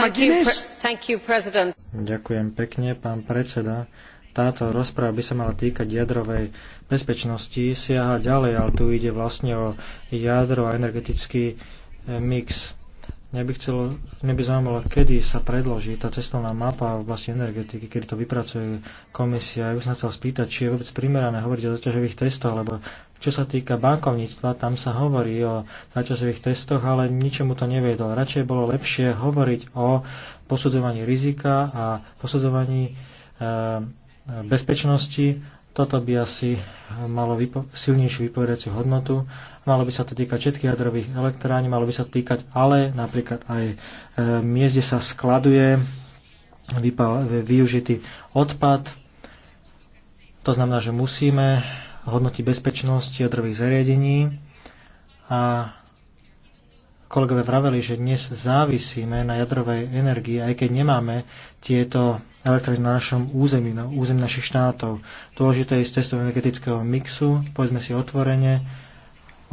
Ďakujem pekne, pán predseda. Táto rozpráva by sa mala týkať jadrovej bezpečnosti, siaha ďalej, ale tu ide vlastne o jadro a energetický mix. Mňa by, chcelo, mňa by zaujímalo, kedy sa predloží tá cestovná mapa v oblasti energetiky, kedy to vypracuje komisia. Ja by som chcel spýtať, či je vôbec primerané hovoriť o zaťažových testoch, lebo čo sa týka bankovníctva, tam sa hovorí o zaťažových testoch, ale ničomu to neviedol. Radšej bolo lepšie hovoriť o posudzovaní rizika a posudzovaní e, bezpečnosti. Toto by asi malo vypo- silnejšiu vypovedaciu hodnotu Malo by sa to týkať všetkých jadrových elektrární, malo by sa to týkať ale napríklad aj e, miest, kde sa skladuje vypal, využitý odpad. To znamená, že musíme hodnotiť bezpečnosť jadrových zariadení a kolegové vraveli, že dnes závisíme na jadrovej energii, aj keď nemáme tieto elektrárne na našom území, na území našich štátov. Dôležité je z cestou energetického mixu, povedzme si otvorene,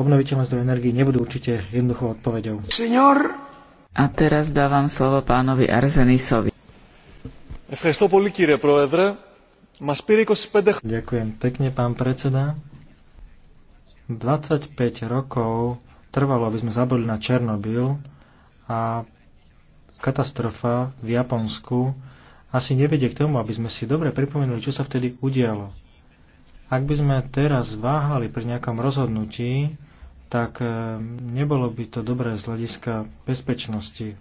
obnoviteľné zdroje energii nebudú určite jednoduchou odpoveďou. Senior. A teraz dávam slovo pánovi Arzenisovi. Ďakujem pekne, pán predseda. 25 rokov trvalo, aby sme zabudli na Černobyl a katastrofa v Japonsku asi nevedie k tomu, aby sme si dobre pripomenuli, čo sa vtedy udialo. Ak by sme teraz váhali pri nejakom rozhodnutí, tak eh, nebolo by to dobré z hľadiska bezpečnosti.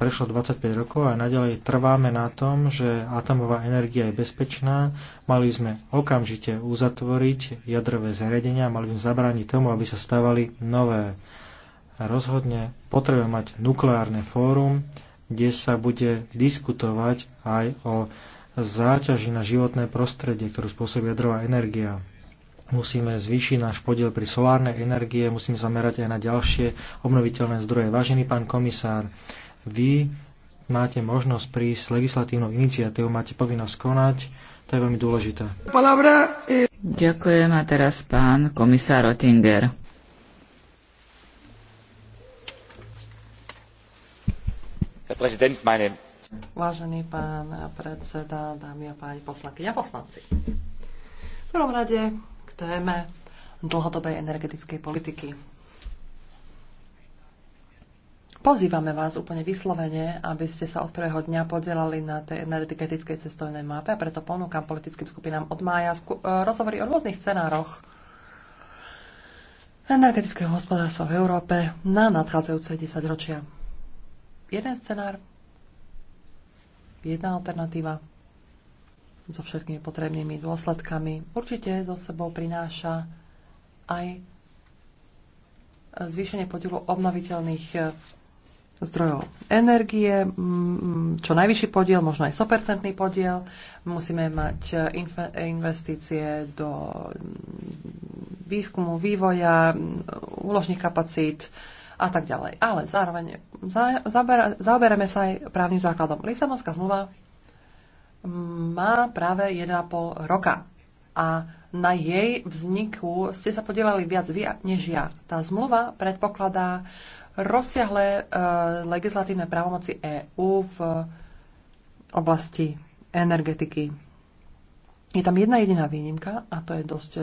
Prešlo 25 rokov a naďalej trváme na tom, že atomová energia je bezpečná. Mali sme okamžite uzatvoriť jadrové zariadenia, mali sme zabrániť tomu, aby sa stávali nové. Rozhodne potrebujeme mať nukleárne fórum, kde sa bude diskutovať aj o záťaži na životné prostredie, ktorú spôsobí jadrová energia musíme zvýšiť náš podiel pri solárnej energie, musíme zamerať aj na ďalšie obnoviteľné zdroje. Vážený pán komisár, vy máte možnosť prísť s legislatívnou iniciatívou, máte povinnosť konať, to je veľmi dôležité. E- Ďakujem a teraz pán komisár Otinger. Vážený pán predseda, dámy a páni poslanky a poslanci. V prvom rade téme dlhodobej energetickej politiky. Pozývame vás úplne vyslovene, aby ste sa od prvého dňa podielali na tej energetickej cestovnej mape a preto ponúkam politickým skupinám od mája e, rozhovory o rôznych scenároch energetického hospodárstva v Európe na nadchádzajúce 10 ročia. Jeden scenár, jedna alternatíva, so všetkými potrebnými dôsledkami, určite so sebou prináša aj zvýšenie podielu obnoviteľných e, zdrojov energie, čo najvyšší podiel, možno aj 100% podiel. Musíme mať e, investície do výskumu, vývoja, úložných kapacít a tak ďalej. Ale zároveň zaoberáme sa aj právnym základom. Lisabonská zmluva má práve 1,5 roka. A na jej vzniku ste sa podielali viac vy než ja. Tá zmluva predpokladá rozsiahle e, legislatívne právomoci EÚ v oblasti energetiky. Je tam jedna jediná výnimka, a to je dosť e,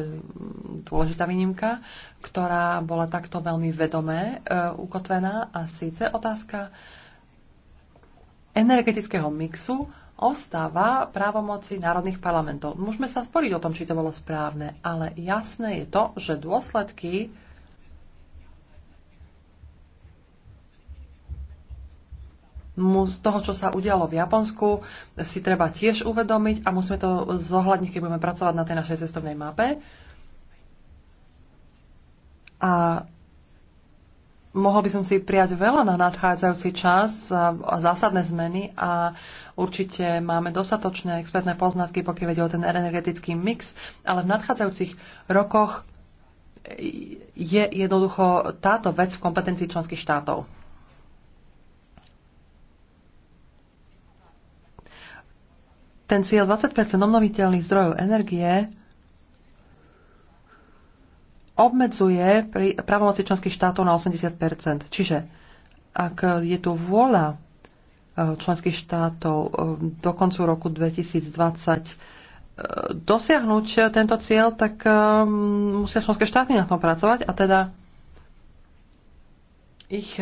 dôležitá výnimka, ktorá bola takto veľmi vedomé e, ukotvená, a síce otázka energetického mixu ostáva právomoci národných parlamentov. Môžeme sa sporiť o tom, či to bolo správne, ale jasné je to, že dôsledky z toho, čo sa udialo v Japonsku, si treba tiež uvedomiť a musíme to zohľadniť, keď budeme pracovať na tej našej cestovnej mape. A mohol by som si prijať veľa na nadchádzajúci čas a, zásadné zmeny a určite máme dostatočné expertné poznatky, pokiaľ ide o ten energetický mix, ale v nadchádzajúcich rokoch je jednoducho táto vec v kompetencii členských štátov. Ten cieľ 20 obnoviteľných zdrojov energie obmedzuje pri členských štátov na 80 Čiže ak je tu vôľa e, členských štátov e, do koncu roku 2020 e, dosiahnuť tento cieľ, tak musia členské štáty na tom pracovať a teda ich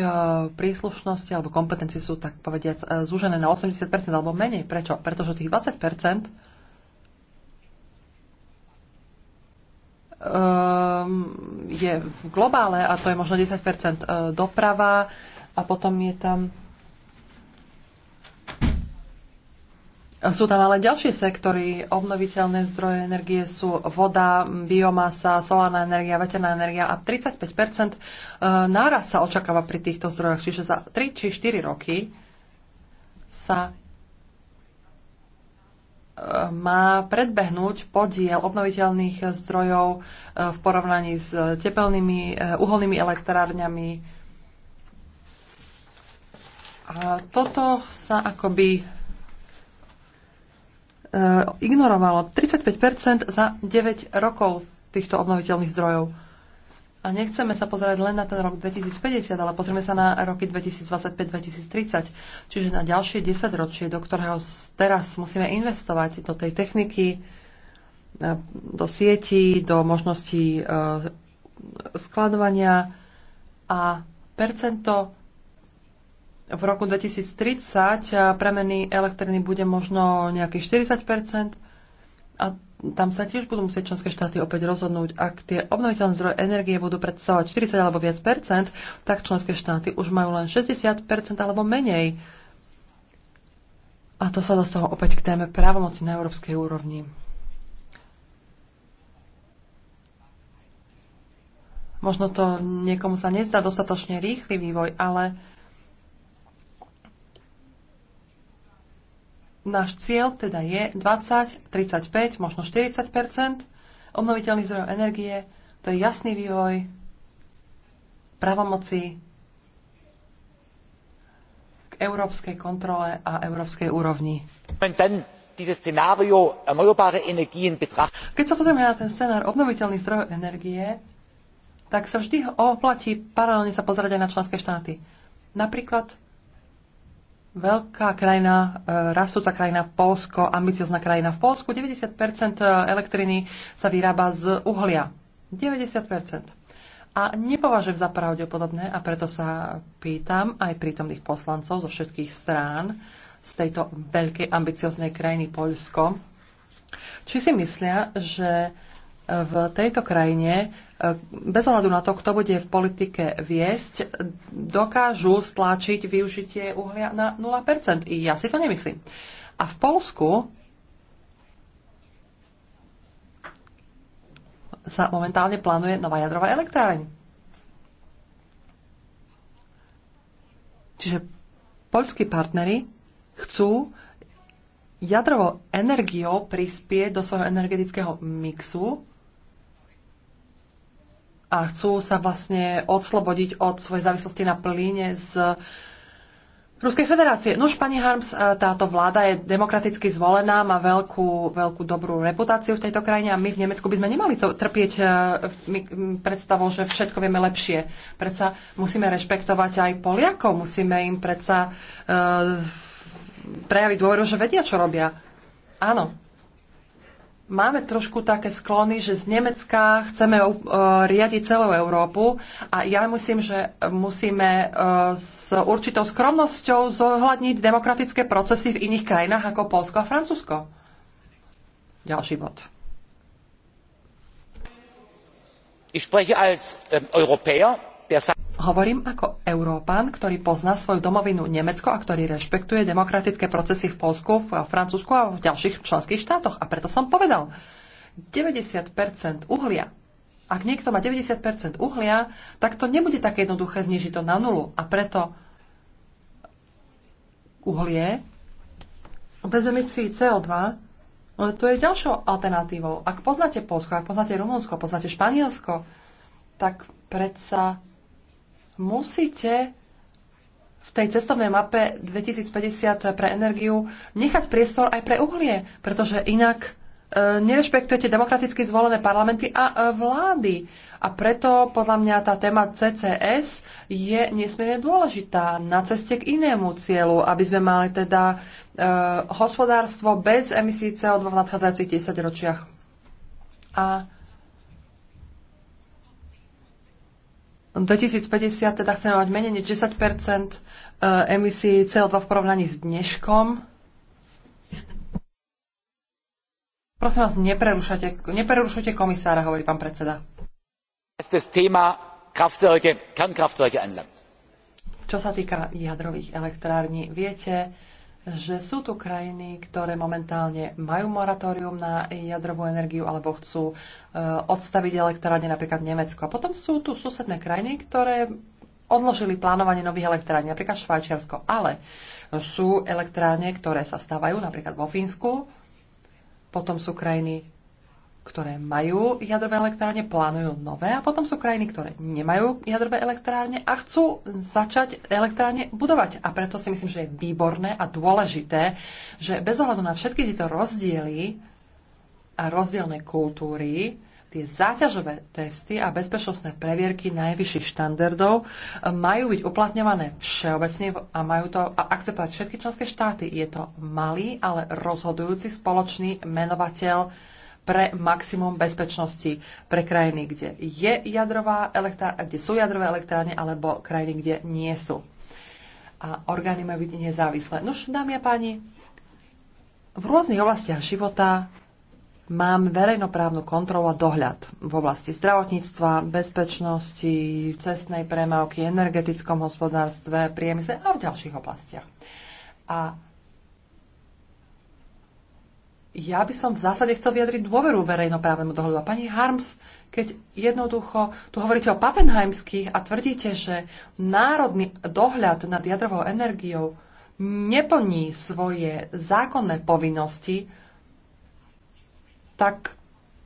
príslušnosti alebo kompetencie sú tak povediať, zúžené na 80% alebo menej. Prečo? Pretože tých 20% Um, je v globále a to je možno 10 uh, doprava a potom je tam Sú tam ale ďalšie sektory, obnoviteľné zdroje energie sú voda, biomasa, solárna energia, veterná energia a 35 uh, náraz sa očakáva pri týchto zdrojoch, čiže za 3 či 4 roky sa má predbehnúť podiel obnoviteľných zdrojov e, v porovnaní s tepelnými e, uholnými elektrárňami. A toto sa akoby e, ignorovalo 35 za 9 rokov týchto obnoviteľných zdrojov. A nechceme sa pozerať len na ten rok 2050, ale pozrieme sa na roky 2025-2030, čiže na ďalšie 10 ročie, do ktorého teraz musíme investovať do tej techniky, e, do sieti, do možností e, skladovania a percento v roku 2030 e, premeny elektriny bude možno nejakých 40 a tam sa tiež budú musieť členské štáty opäť rozhodnúť, ak tie obnoviteľné zdroje energie budú predstavovať 40 alebo viac percent, tak členské štáty už majú len 60 percent alebo menej. A to sa dostalo opäť k téme právomoci na európskej úrovni. Možno to niekomu sa nezdá dostatočne rýchly vývoj, ale Náš cieľ teda je 20, 35, možno 40 obnoviteľných zdrojov energie. To je jasný vývoj pravomoci k európskej kontrole a európskej úrovni. Keď sa pozrieme na ten scenár obnoviteľných zdrojov energie, tak sa vždy oplatí paralelne sa pozrieť aj na členské štáty. Napríklad Veľká krajina, e, rastúca krajina Polsko, ambiciozná krajina v Polsku. 90% e, elektriny sa vyrába z uhlia. 90%. A nepovažujem za pravdepodobné, a preto sa pýtam aj prítomných poslancov zo všetkých strán z tejto veľkej ambicioznej krajiny Poľsko, či si myslia, že v tejto krajine bez ohľadu na to, kto bude v politike viesť, dokážu stláčiť využitie uhlia na 0%. I ja si to nemyslím. A v Polsku sa momentálne plánuje nová jadrová elektráreň. Čiže poľskí partnery chcú jadrovou energiou prispieť do svojho energetického mixu a chcú sa vlastne odslobodiť od svojej závislosti na plyne z Ruskej federácie. Nož, pani Harms, e, táto vláda je demokraticky zvolená, má veľkú, veľkú dobrú reputáciu v tejto krajine a my v Nemecku by sme nemali to trpieť e, predstavou, že všetko vieme lepšie. Predsa musíme rešpektovať aj Poliakov, musíme im predsa uh, prejaviť dôveru, že vedia, čo robia. Áno, máme trošku také sklony, že z Nemecka chceme uh, riadiť celú Európu a ja myslím, že musíme uh, s určitou skromnosťou zohľadniť demokratické procesy v iných krajinách ako Polsko a Francúzsko. Ďalší bod. Ich spreche als ähm, Europäer, der Hovorím ako Európan, ktorý pozná svoju domovinu Nemecko a ktorý rešpektuje demokratické procesy v Polsku, v Francúzsku a v ďalších členských štátoch. A preto som povedal, 90% uhlia. Ak niekto má 90% uhlia, tak to nebude také jednoduché znižiť to na nulu. A preto uhlie, bez emisí CO2, to je ďalšou alternatívou. Ak poznáte Polsko, ak poznáte Rumunsko, poznáte Španielsko, tak predsa musíte v tej cestovnej mape 2050 pre energiu nechať priestor aj pre uhlie, pretože inak e, nerešpektujete demokraticky zvolené parlamenty a e, vlády. A preto podľa mňa tá téma CCS je nesmierne dôležitá na ceste k inému cieľu, aby sme mali teda e, hospodárstvo bez emisí CO2 v nadchádzajúcich 10 ročiach. A 2050 teda chceme mať menej než 10 e, emisí CO2 v porovnaní s dneškom. Prosím vás, neprerušujte, neprerušujte komisára, hovorí pán predseda. Čo sa týka jadrových elektrární, viete, že sú tu krajiny, ktoré momentálne majú moratórium na jadrovú energiu alebo chcú e, odstaviť elektrárne, napríklad Nemecko. A potom sú tu susedné krajiny, ktoré odložili plánovanie nových elektrární, napríklad Švajčiarsko. Ale sú elektrárne, ktoré sa stávajú, napríklad vo Fínsku. Potom sú krajiny ktoré majú jadrové elektrárne, plánujú nové a potom sú krajiny, ktoré nemajú jadrové elektrárne a chcú začať elektrárne budovať. A preto si myslím, že je výborné a dôležité, že bez ohľadu na všetky tieto rozdiely a rozdielne kultúry, tie záťažové testy a bezpečnostné previerky najvyšších štandardov eh, majú byť uplatňované všeobecne a majú to a akceptovať všetky členské štáty. Je to malý, ale rozhodujúci spoločný menovateľ pre maximum bezpečnosti pre krajiny, kde je jadrová elektrá- kde sú jadrové elektrárne alebo krajiny, kde nie sú. A orgány majú byť nezávislé. Nož, dámy a páni, v rôznych oblastiach života mám verejnoprávnu kontrolu a dohľad v oblasti zdravotníctva, bezpečnosti, cestnej premávky, energetickom hospodárstve, priemysle a v ďalších oblastiach. A ja by som v zásade chcel vyjadriť dôveru verejnoprávnemu dohľadu. A pani Harms, keď jednoducho tu hovoríte o papenheimských a tvrdíte, že národný dohľad nad jadrovou energiou neplní svoje zákonné povinnosti, tak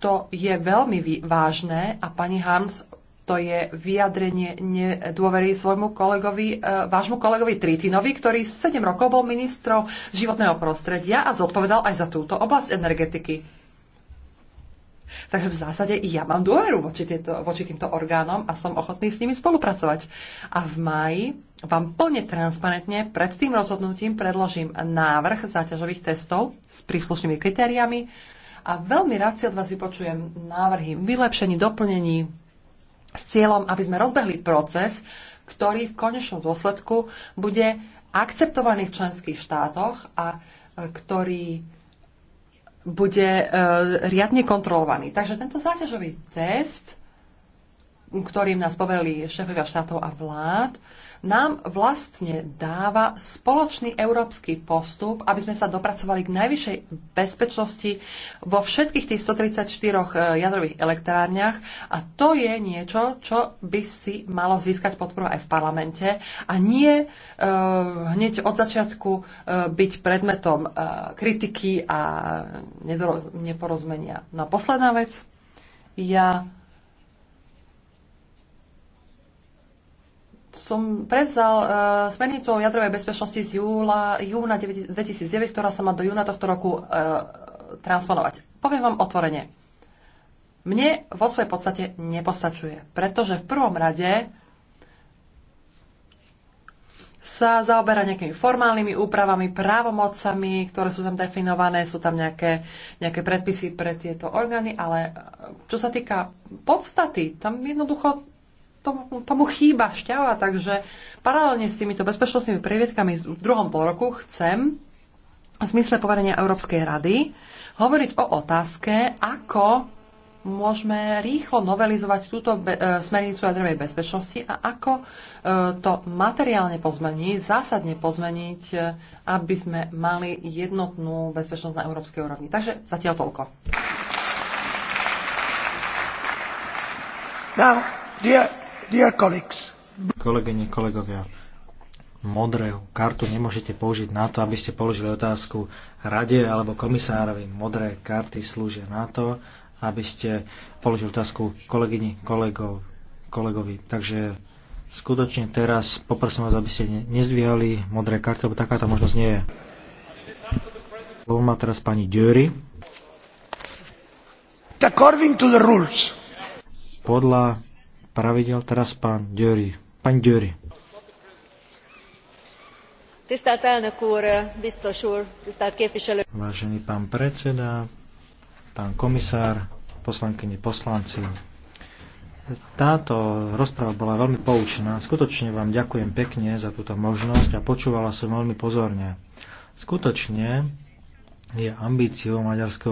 to je veľmi vážne a pani Harms to je vyjadrenie nedôvery svojmu kolegovi, e, vášmu kolegovi Tritinovi, ktorý 7 rokov bol ministrom životného prostredia a zodpovedal aj za túto oblasť energetiky. Takže v zásade ja mám dôveru voči, tieto, voči týmto orgánom a som ochotný s nimi spolupracovať. A v máji vám plne transparentne pred tým rozhodnutím predložím návrh záťažových testov s príslušnými kritériami a veľmi rád si od vás vypočujem návrhy vylepšení, doplnení, s cieľom, aby sme rozbehli proces, ktorý v konečnom dôsledku bude akceptovaný v členských štátoch a e, ktorý bude e, riadne kontrolovaný. Takže tento záťažový test ktorým nás poverili šéfovia štátov a vlád, nám vlastne dáva spoločný európsky postup, aby sme sa dopracovali k najvyššej bezpečnosti vo všetkých tých 134 e, jadrových elektrárniach a to je niečo, čo by si malo získať podporu aj v parlamente a nie e, hneď od začiatku e, byť predmetom e, kritiky a nedoro- neporozumenia. No a posledná vec, ja som prevzal uh, e, smernicu o jadrovej bezpečnosti z júla, júna 2009, ktorá sa má do júna tohto roku uh, transponovať. Poviem vám otvorene. Mne vo svojej podstate nepostačuje, pretože v prvom rade sa zaoberá nejakými formálnymi úpravami, právomocami, ktoré sú tam definované, sú tam nejaké, nejaké predpisy pre tieto orgány, ale e, čo sa týka podstaty, tam jednoducho tomu, tomu chýba šťava, takže paralelne s týmito bezpečnostnými previedkami v druhom polroku chcem v zmysle poverenia Európskej rady hovoriť o otázke, ako môžeme rýchlo novelizovať túto be- e, smernicu jadrovej bezpečnosti a ako e, to materiálne pozmeniť, zásadne pozmeniť, e, aby sme mali jednotnú bezpečnosť na európskej úrovni. Takže zatiaľ toľko. Now, dear Kolegyne, kolegovia, Modrého kartu nemôžete použiť na to, aby ste položili otázku rade alebo komisárovi. Modré karty slúžia na to, aby ste položili otázku kolegyni, kolegov, kolegovi. Takže skutočne teraz poprosím vás, aby ste nezdvíhali modré karty, lebo takáto možnosť nie je. Slovo má teraz pani Dury. According to the rules. Podľa pravidel. Teraz pán Győri. Pán Győri. Tisztelt elnök úr, biztos úr, tisztelt képviselő. Vážený pán predseda, pán komisár, poslankyni, poslanci. Táto rozpráva bola veľmi poučná. Skutočne vám ďakujem pekne za túto možnosť a počúvala som veľmi pozorne. Skutočne je ambíciou maďarského